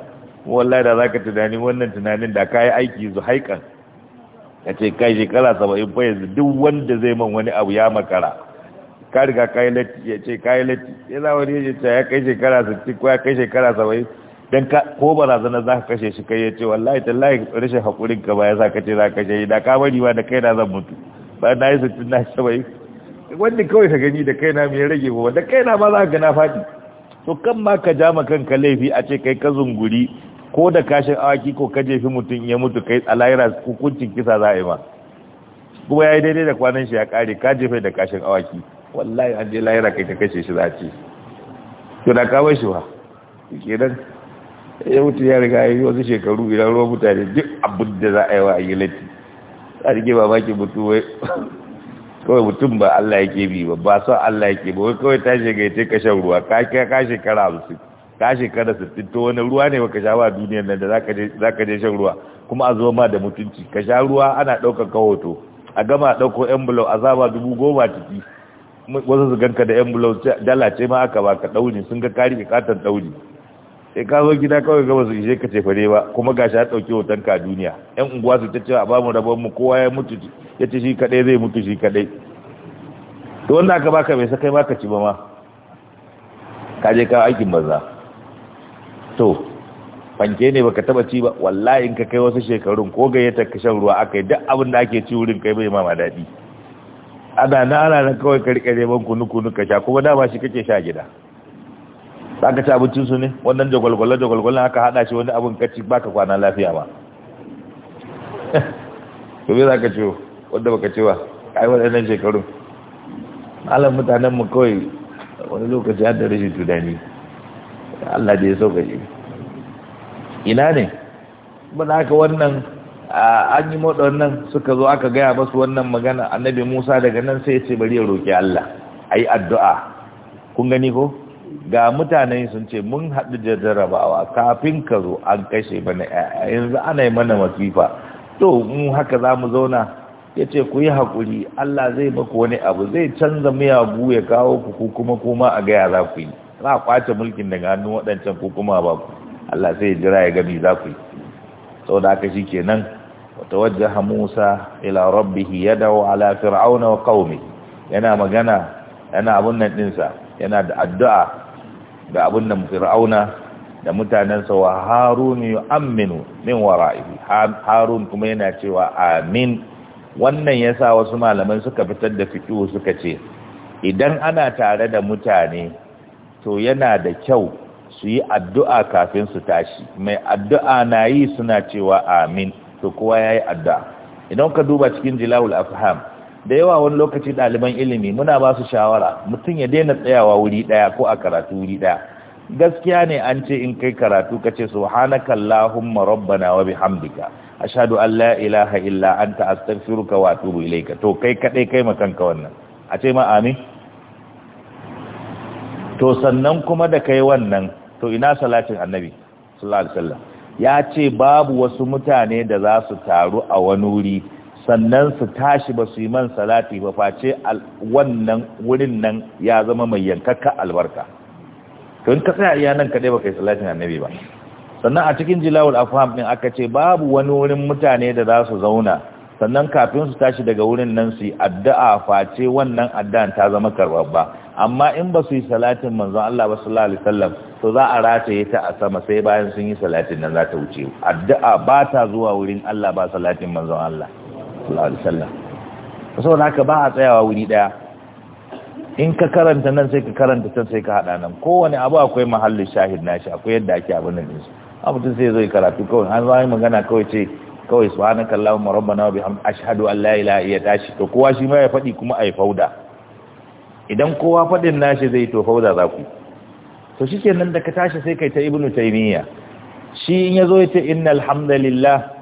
wallahi da zaka tunani wannan tunanin da kai aiki zu haikan ka ce kai shekara saba'in fa yanzu duk wanda zai man wani abu ya makara ka riga kai latti ya ce kai latti ya za wani ya ce ya kai shekara sittin ko ya kai shekara saba'in dan ka ko barazana za ka kashe shi kai ya ce wallahi tallahi rashin haƙurin ka ba ya sa ka ce za ka kashe da ka bari ba da kai na zan mutu ba na yi sittin na saba'in wanda kawai ka gani da kai na mai rage ba da kai na ba za ka ga na faɗi to kan ma ka ja kanka laifi a ce kai ka zunguri ko da kashin awaki ko ka jefi mutum ya mutu kai a lahira hukuncin kisa za a yi ma kuma ya yi daidai da kwanan shi ya kare ka jefe da kashin awaki wallahi an je layira kai ka kashe shi za a ce to da kawai shi ba kenan ya mutu ya riga ya yi wasu shekaru idan ruwan mutane duk abin da za a yi wa a yi latti a rike babakin mutu wai kawai mutum ba Allah yake bi ba ba son Allah yake ba kawai ta shiga ya ce ka shan ruwa ka ka shekara hamsin ka shekara 60 to wani ruwa ne baka sha ba duniyar nan da za ka je shan ruwa kuma a zo ma da mutunci ka sha ruwa ana ɗaukar hoto a gama ɗauko envelope a zaba dubu goma ciki wasu su ganka da envelope dala ce ma aka ba ka ɗauni sun ga kari ka katon ɗauni sai ka zo gida kawai gaba su je ka cefare ba kuma gashi ya ɗauki hoton ka duniya yan unguwa su ta cewa ba mu rabon mu kowa ya mutu ya ce shi kaɗai zai mutu shi kaɗai to wanda aka baka bai sakai ka ci ba ma ka je ka aikin banza to fanke ne baka taba ci ba wallahi in ka kai wasu shekarun ko gayyata ka shan ruwa akai duk abin da ake ci wurin kai bai ma ma daɗi ana na ana na kawai ka riƙe neman kunu kunu ka sha kuma dama shi kake sha gida zaka ka ci su ne wannan jagwalgwale-jagwalgwalen aka hada shi wani abun kaci ba ka kwana lafiya ba (laughs) to me zaka ciwo wanda baka ba a yi waɗannan shekaru alam mutanen mu kai wani lokaci har da rashin tunani Allah da ya sauka shi ina ne bana haka wannan an yi mota wannan suka zo aka gaya basu wannan magana annabi musa daga nan sai ya ce bari ya roki Allah a yi addu'a kun gani ko ga mutane sun ce mun haɗu da jarabawa kafin ka zo an kashe mana yaya yanzu ana yi mana masifa to mu haka za mu zauna ya ce ku yi haƙuri Allah zai baku wani abu zai canza miyagu ya kawo ku ku kuma kuma a gaya za ku yi za a kwace mulkin daga hannun waɗancan ku kuma ba ku Allah sai jira ya gani za ku yi Sau da aka shi ke nan. wata wajaha Musa ila rabbihi dawo ala fir'auna wa qaumi yana magana yana abun nan ɗinsa, yana da addu'a da abin da fir'auna da mutanensa wa harun yu'minu min wara'ihi harun kuma yana cewa amin wannan yasa wasu malaman suka fitar da fiqh suka ce idan ana tare da mutane to yana da kyau su yi addu'a kafin su tashi mai addu'a na yi suna cewa amin to kowa ya yi addu'a idan ka duba cikin jilawul afham da yawa wani lokaci ɗaliban ilimi muna ba su shawara mutum ya daina tsayawa wuri ɗaya ko a karatu wuri ɗaya gaskiya ne an ce in kai karatu ka ce subhanaka allahumma rabbana wa bihamdika ashhadu an la ilaha illa anta astaghfiruka wa atubu ilayka to kai kadai kai makanka wannan a ce ma amin to sannan kuma da kai wannan to ina salatin annabi sallallahu alaihi wasallam ya ce babu wasu mutane da za su taru a wani wuri sannan su tashi ba su yi man salati ba face wannan wurin nan ya zama mai yankakka albarka tun ka tsaya iya nan kaɗai ba kai salatin annabi ba sannan a cikin jilawul afham din aka ce babu wani wurin mutane da za su zauna sannan kafin su tashi daga wurin nan su yi addu'a face wannan addu'an ta zama ba, amma in ba su yi salatin manzon Allah ba sallallahu alaihi wasallam to za a rataye ta a sama sai bayan sun yi salatin nan za ta wuce addu'a ba ta zuwa wurin Allah ba salatin manzon Allah sallallahu alaihi wasallam haka ba a tsayawa wuri daya in ka karanta nan sai ka karanta can sai ka hada nan kowane abu akwai mahallin shahid nashi akwai yadda ake abin nan su abu tun zo karatu kawai an magana kawai ce kawai subhanaka allahumma rabbana wa bihamd ashhadu an la ilaha illa tashi to kowa shi ma ya fadi kuma ai fauda idan kowa fadin nashi zai to fauda za ku to shikenan da ka tashi sai kai ta ibnu taymiya shi in yazo ce innal hamdalillah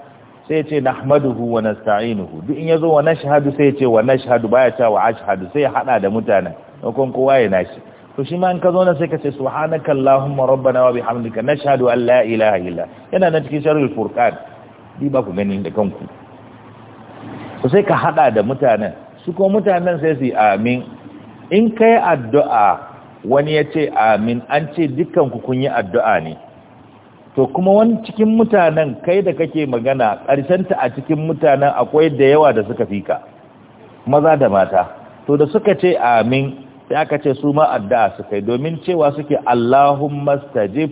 sai ce na nahmaduhu wa nasta'inuhu duk in yazo wa na shahadu sai ce wa na shahadu baya ta wa ashhadu sai hada da mutanen kon kowa ya nashi to shi ma in ka zo na sai ka ce subhanaka allahumma rabbana wa bihamdika nashhadu an la ilaha illa yana nan cikin sharhul furqan di ba ku gani da kanku to sai ka hada da mutanen su ko mutanen sai su amin in kai addu'a wani ya ce amin an ce dukkan ku kun yi addu'a ne to kuma wani cikin mutanen kai da kake magana ta a cikin mutanen akwai da yawa da suka fika maza da mata to da suka ce amin ya ka ce su ma'adda su kai domin cewa suke Allahumma stajib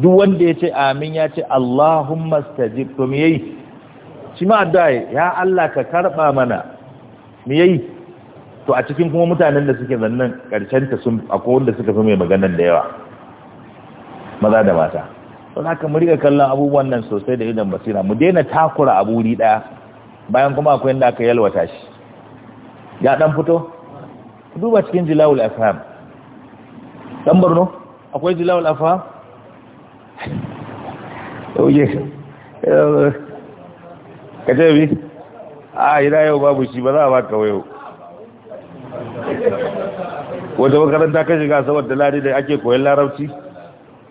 duk wanda ya ce amin ya ce Allahumma stajib to miyayi shi ma ya Allah ka karba mana miyayi to a cikin kuma mutanen da suke zannan karshen ta sun akwai wanda suka fi mai maganan da yawa maza da mata to haka mu riga kallon abubuwan nan sosai da idan basira mu daina takura abu wuri daya bayan kuma akwai inda aka yalwata shi ya dan fito duba cikin jilawul afham dan barno akwai jilawul afham oye ce bi a ina yau babu shi ba za a baka wayo wata makaranta ka shiga saboda lari da ake koyon larabci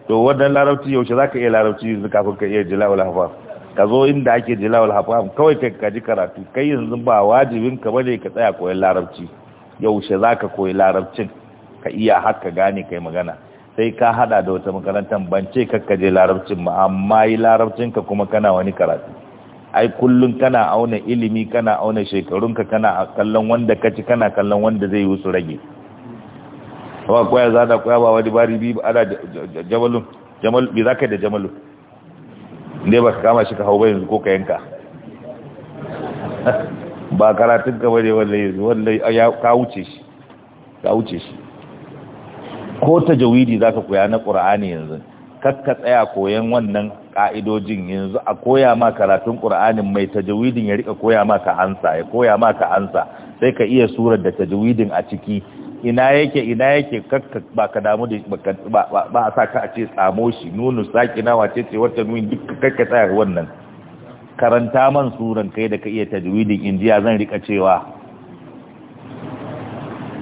to wannan larabci yaushe za ka iya larabci yanzu kafin ka iya jila'ul hafaf ka zo inda ake jila'ul hafaf kawai kai ka ji karatu kai yanzu ba wajibin ka bane ka tsaya koyon larabci yaushe za ka koyi larabcin ka iya haka gane kai magana sai ka hada da wata makarantar bance ka je larabcin ma amma yi larabcin ka kuma kana wani karatu ai kullun kana auna ilimi kana auna shekarunka kana kallon wanda kaci kana kallon wanda zai yi wasu rage ba koya zana kwaya ba wani bari bi ana jamalun jamal bi zaka da jamalun ne ba ka kama shi ka hau ba yanzu ko ka yanka (laughs) ba karatun ka bane wallahi yanzu wallahi ya ka wuce shi ka wuce shi ko tajawidi zaka koya na qur'ani yanzu kakka tsaya koyan wannan ka'idojin yanzu a koya ma karatun ƙur'anin mai jawidin ya rika koya ma ka ansa ya koya ma ka ansa sai ka iya surar da jawidin a ciki ina yake ina yake kakka ba ka damu da ba a sa ka a ce tsamo shi nunu saki na wace ce wata nuni duk kakka tsaya wannan karanta man suran kai da ka iya tajwidin indiya zan rika cewa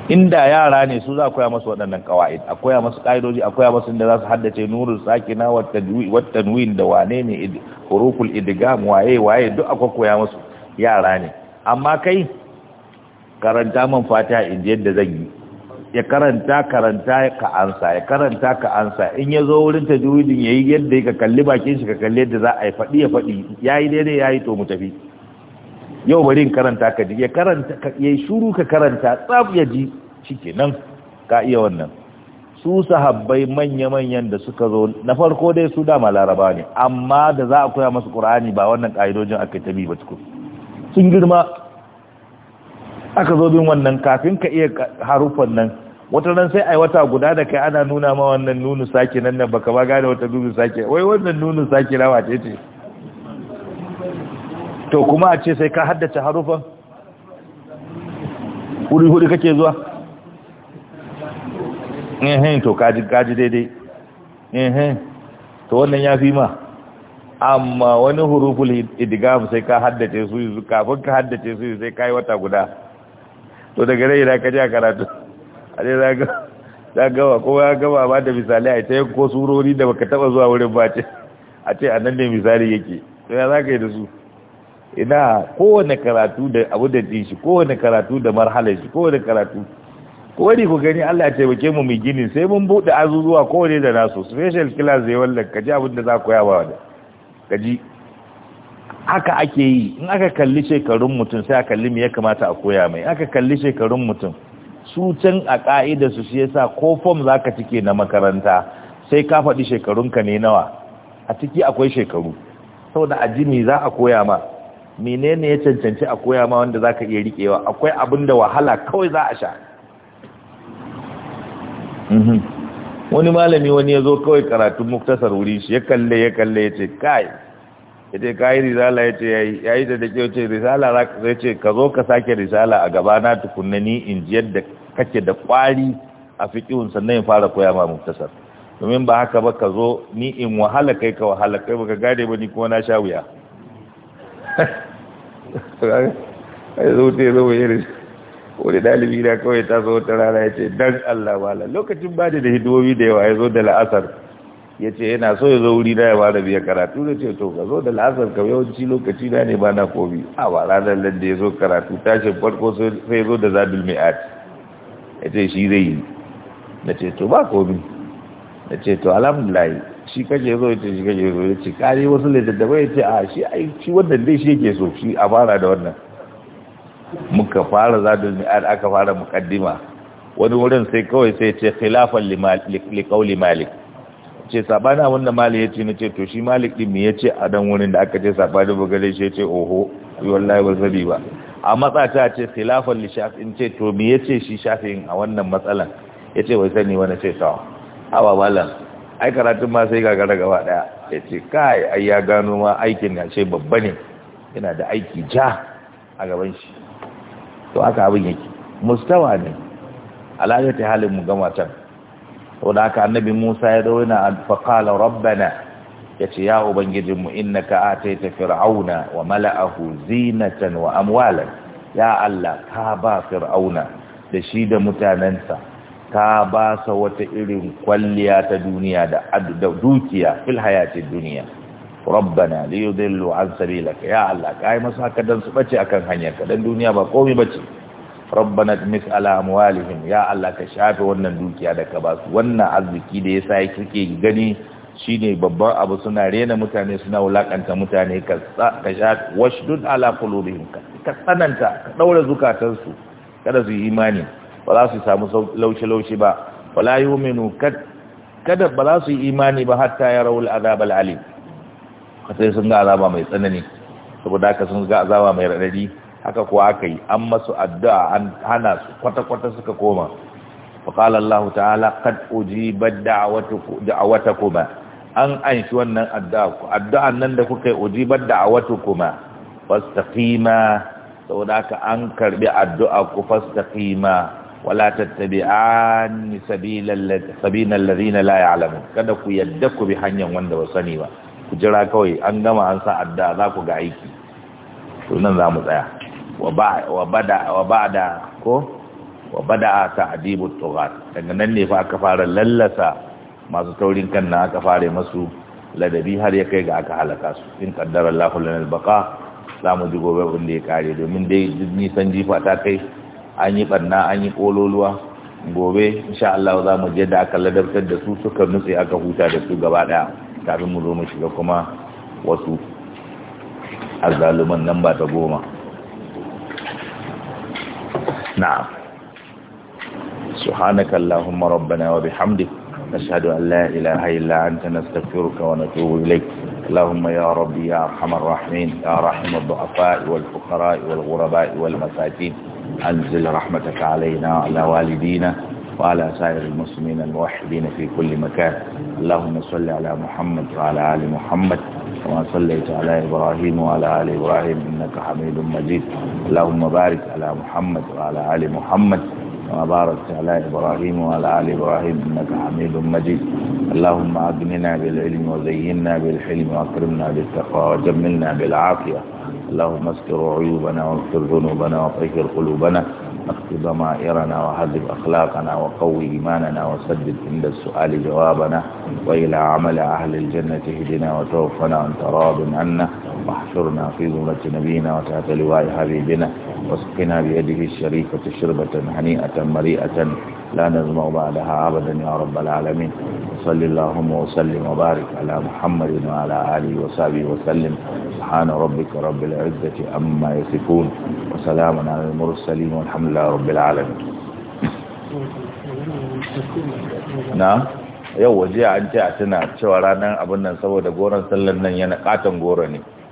inda yara ne su za koya masu waɗannan kawa'id a koya masu ƙa'idoji a koya masu inda za su haddace nurul sakina wata nuyin da wane ne huruful idigam waye waye duk akwai koya masu yara ne amma kai karanta man fata in yadda zan yi ya karanta karanta ka ansa ya karanta ka ansa in ya zo wurin ta ya yi yadda ka kalli bakin shi ka kalli yadda za a yi faɗi ya faɗi yi daidai yi to mu tafi yau bari in karanta ka ji ya karanta ka yi shuru ka karanta tsaf ya ji nan ka iya wannan su sahabbai manya-manyan da suka zo na farko dai su dama laraba ne amma da za a koya masu ƙur'ani ba wannan ƙa'idojin aka tabi ba tukun sun girma aka zo bin wannan kafin ka iya harufan nan wata nan sai ai wata guda da kai ana nuna ma wannan nunu sake nan nan baka ba gane wata nunu sake wai wannan nunu sake rawa ce ce to kuma a ce sai ka haddace harufan huri huri kake zuwa ehem to kaji kaji daidai ehem to wannan ya fi ma amma wani huruful idgham sai ka haddace su kafin ka haddace su sai kai wata guda to daga rai da ka a karatu a dai za gawa ko ya gaba ba da misali a yi ko surori da baka taba zuwa wurin ba ce a ce a nan ne misali yake ya za ka yi da su ina kowane karatu da abu da ɗin shi kowane karatu da marhalar shi kowane karatu kowane ku gani Allah ya taimake mu mai gini sai mun buɗe azuzuwa kowane da nasu special class zai wallan kaji abin da za ku yawa da kaji haka ake yi in aka kalli shekarun mutum sai a kalli me ya kamata a koya mai aka kalli shekarun mutum su can a ƙa'ida su shi yasa ko fom za ka cike na makaranta sai ka faɗi shekarunka ne nawa a ciki akwai shekaru saboda a jimi za a koya ma menene ya cancanci a koya ma wanda za ka iya riƙewa akwai abin da wahala kawai za a sha mhm. wani malami wani ya zo kawai karatun muktasar wuri shi ya kalle ya kalle ya ce kai ya ce yi risala ya ce ya yi da dake ce risala zai ce ka zo ka sake risala a gabana tukunna ni in ji yadda kake da kwari a fiƙihun sannan in fara koya ma muktasar domin ba haka ba ka zo ni in wahala kai ka wahala kai baka gane ba ni kuma na sha wuya (laughs) ai zo te zo yi wani dalibi na kawai ta zo ta rana ya ce dan Allah wala lokacin ba da hidimomi da yawa ya zo da la'asar ya ce yana so ya zo wuri na ya fara biya karatu da ce to ka zo da la'asar ka yawanci lokaci na ne ba na komi a ba ranar nan da ya zo karatu tashin farko sai zo da zabil mi'at ya ce shi zai yi na ce to ba komi na ce to alhamdulahi shi kaje zo ya ce shi kaje zo ya ce kare wasu littattafai ya ce a shi yi. shi wannan dai shi yake so shi a fara da wannan muka fara zabil mi'at aka fara mukaddima wani wurin sai kawai sai ce khilafan li malik ce sabani abin da Malik ya ce na ce to shi malik din me ya ce a dan wurin da aka ce sabani gare shi ya ce oho wallahi ba zabi ba a matsa ta ce khilafan li shafin ce to me ya ce shi shafin a wannan matsalan ya ce wai sani wani ce tawa awa malam ai karatun ma sai gagara gaba daya ya ce kai ai ya gano ma aikin ya ce babba ne yana da aiki ja a gaban shi to haka abin yake mustawa ne alaƙa ta halin mu gama can saboda haka annabi Musa ya dauna faqala rabbana yace ya ubangijinmu innaka ta fir'auna wa mala'ahu zinatan wa amwalan ya Allah ka ba fir'auna da shi da mutanansa ka ba sa wata irin kwalliya ta duniya da dukiya fil duniya rabbana liyudillu an sabilaka ya Allah kai masa haka dan su bace akan hanyarka dan duniya ba komai bace rabbana tumis ala amwalihim ya Allah ka shafe wannan dukiya da ka basu wannan arziki da yasa yake gani shine babban abu suna rena mutane suna wulakanta mutane ka ka shafe washdud ala qulubihim ka tsananta ka daura zukatansu kada su imani ba za su samu laushi laushi ba wala yu'minu kada ba za su yi imani ba hatta ya rawul azab al alim sai sun ga azaba mai tsanani saboda haka sun ga azaba mai radadi haka kuwa aka yi an masu addu'a an hana su kwata-kwata suka koma faƙala Allah ta'ala oji kad wata kuma. an shi wannan addu'a addu'an nan da kuka yi fasta da'awatakuma sau da aka an karɓi addu'a ku fasta fastaqima wala tattabi'an sabilan ladina laye al'amu. kada ku yadda ku bi hanyar wanda ba sani ba ku jira kawai an gama an sa addu'a za ku ga aiki to nan za mu tsaya wa bada ko wa bada ta'dibu tughat daga nan ne fa aka fara lallasa masu taurin kan na aka fara masu ladabi har ya kai ga aka halaka su in qaddara Allahu lana al-baqa zamu ji gobe wanda ya kare domin dai san jifa ta kai an yi anyi an yi kololuwa gobe insha Allah za mu je da aka ladabtar da su suka nutse aka huta da su gaba daya kafin mu zo mu shiga kuma wasu azzaluman nan ba ta goma نعم سبحانك اللهم ربنا وبحمدك نشهد أن لا إله إلا أنت نستغفرك ونتوب إليك اللهم يا ربي يا أرحم الراحمين يا رحم الضعفاء والفقراء والغرباء والمساكين أنزل رحمتك علينا وعلى والدينا وعلى سائر المسلمين الموحدين في كل مكان اللهم صل على محمد وعلى آل محمد كما صليت على إبراهيم وعلى آل إبراهيم إنك حميد مجيد اللهم بارك على محمد وعلى آل محمد كما باركت على إبراهيم وعلى آل إبراهيم إنك حميد مجيد اللهم أغننا بالعلم وزينا بالحلم وأكرمنا بالتقوى وجملنا بالعافية اللهم استر عيوبنا واغفر ذنوبنا وطهر قلوبنا اخفض ضمائرنا وهذب أخلاقنا وقوي إيماننا وسدد عند السؤال جوابنا وإلى عمل أهل الجنة هدنا وتوفنا أنت راض عنا واحشرنا في ذمة نبينا وتحت لواء حبيبنا واسقنا بيده الشريفة شربة هنيئة مريئة لا نزمع بعدها أبدا يا رب العالمين صل اللهم وسلم وبارك على محمد وعلى آله وصحبه وسلم سبحان ربك رب العزة أما يصفون وسلام على المرسلين والحمد لله رب العالمين نعم yau waje an ce a tuna cewa ranar abin nan saboda goron sallan nan yana katon goro ne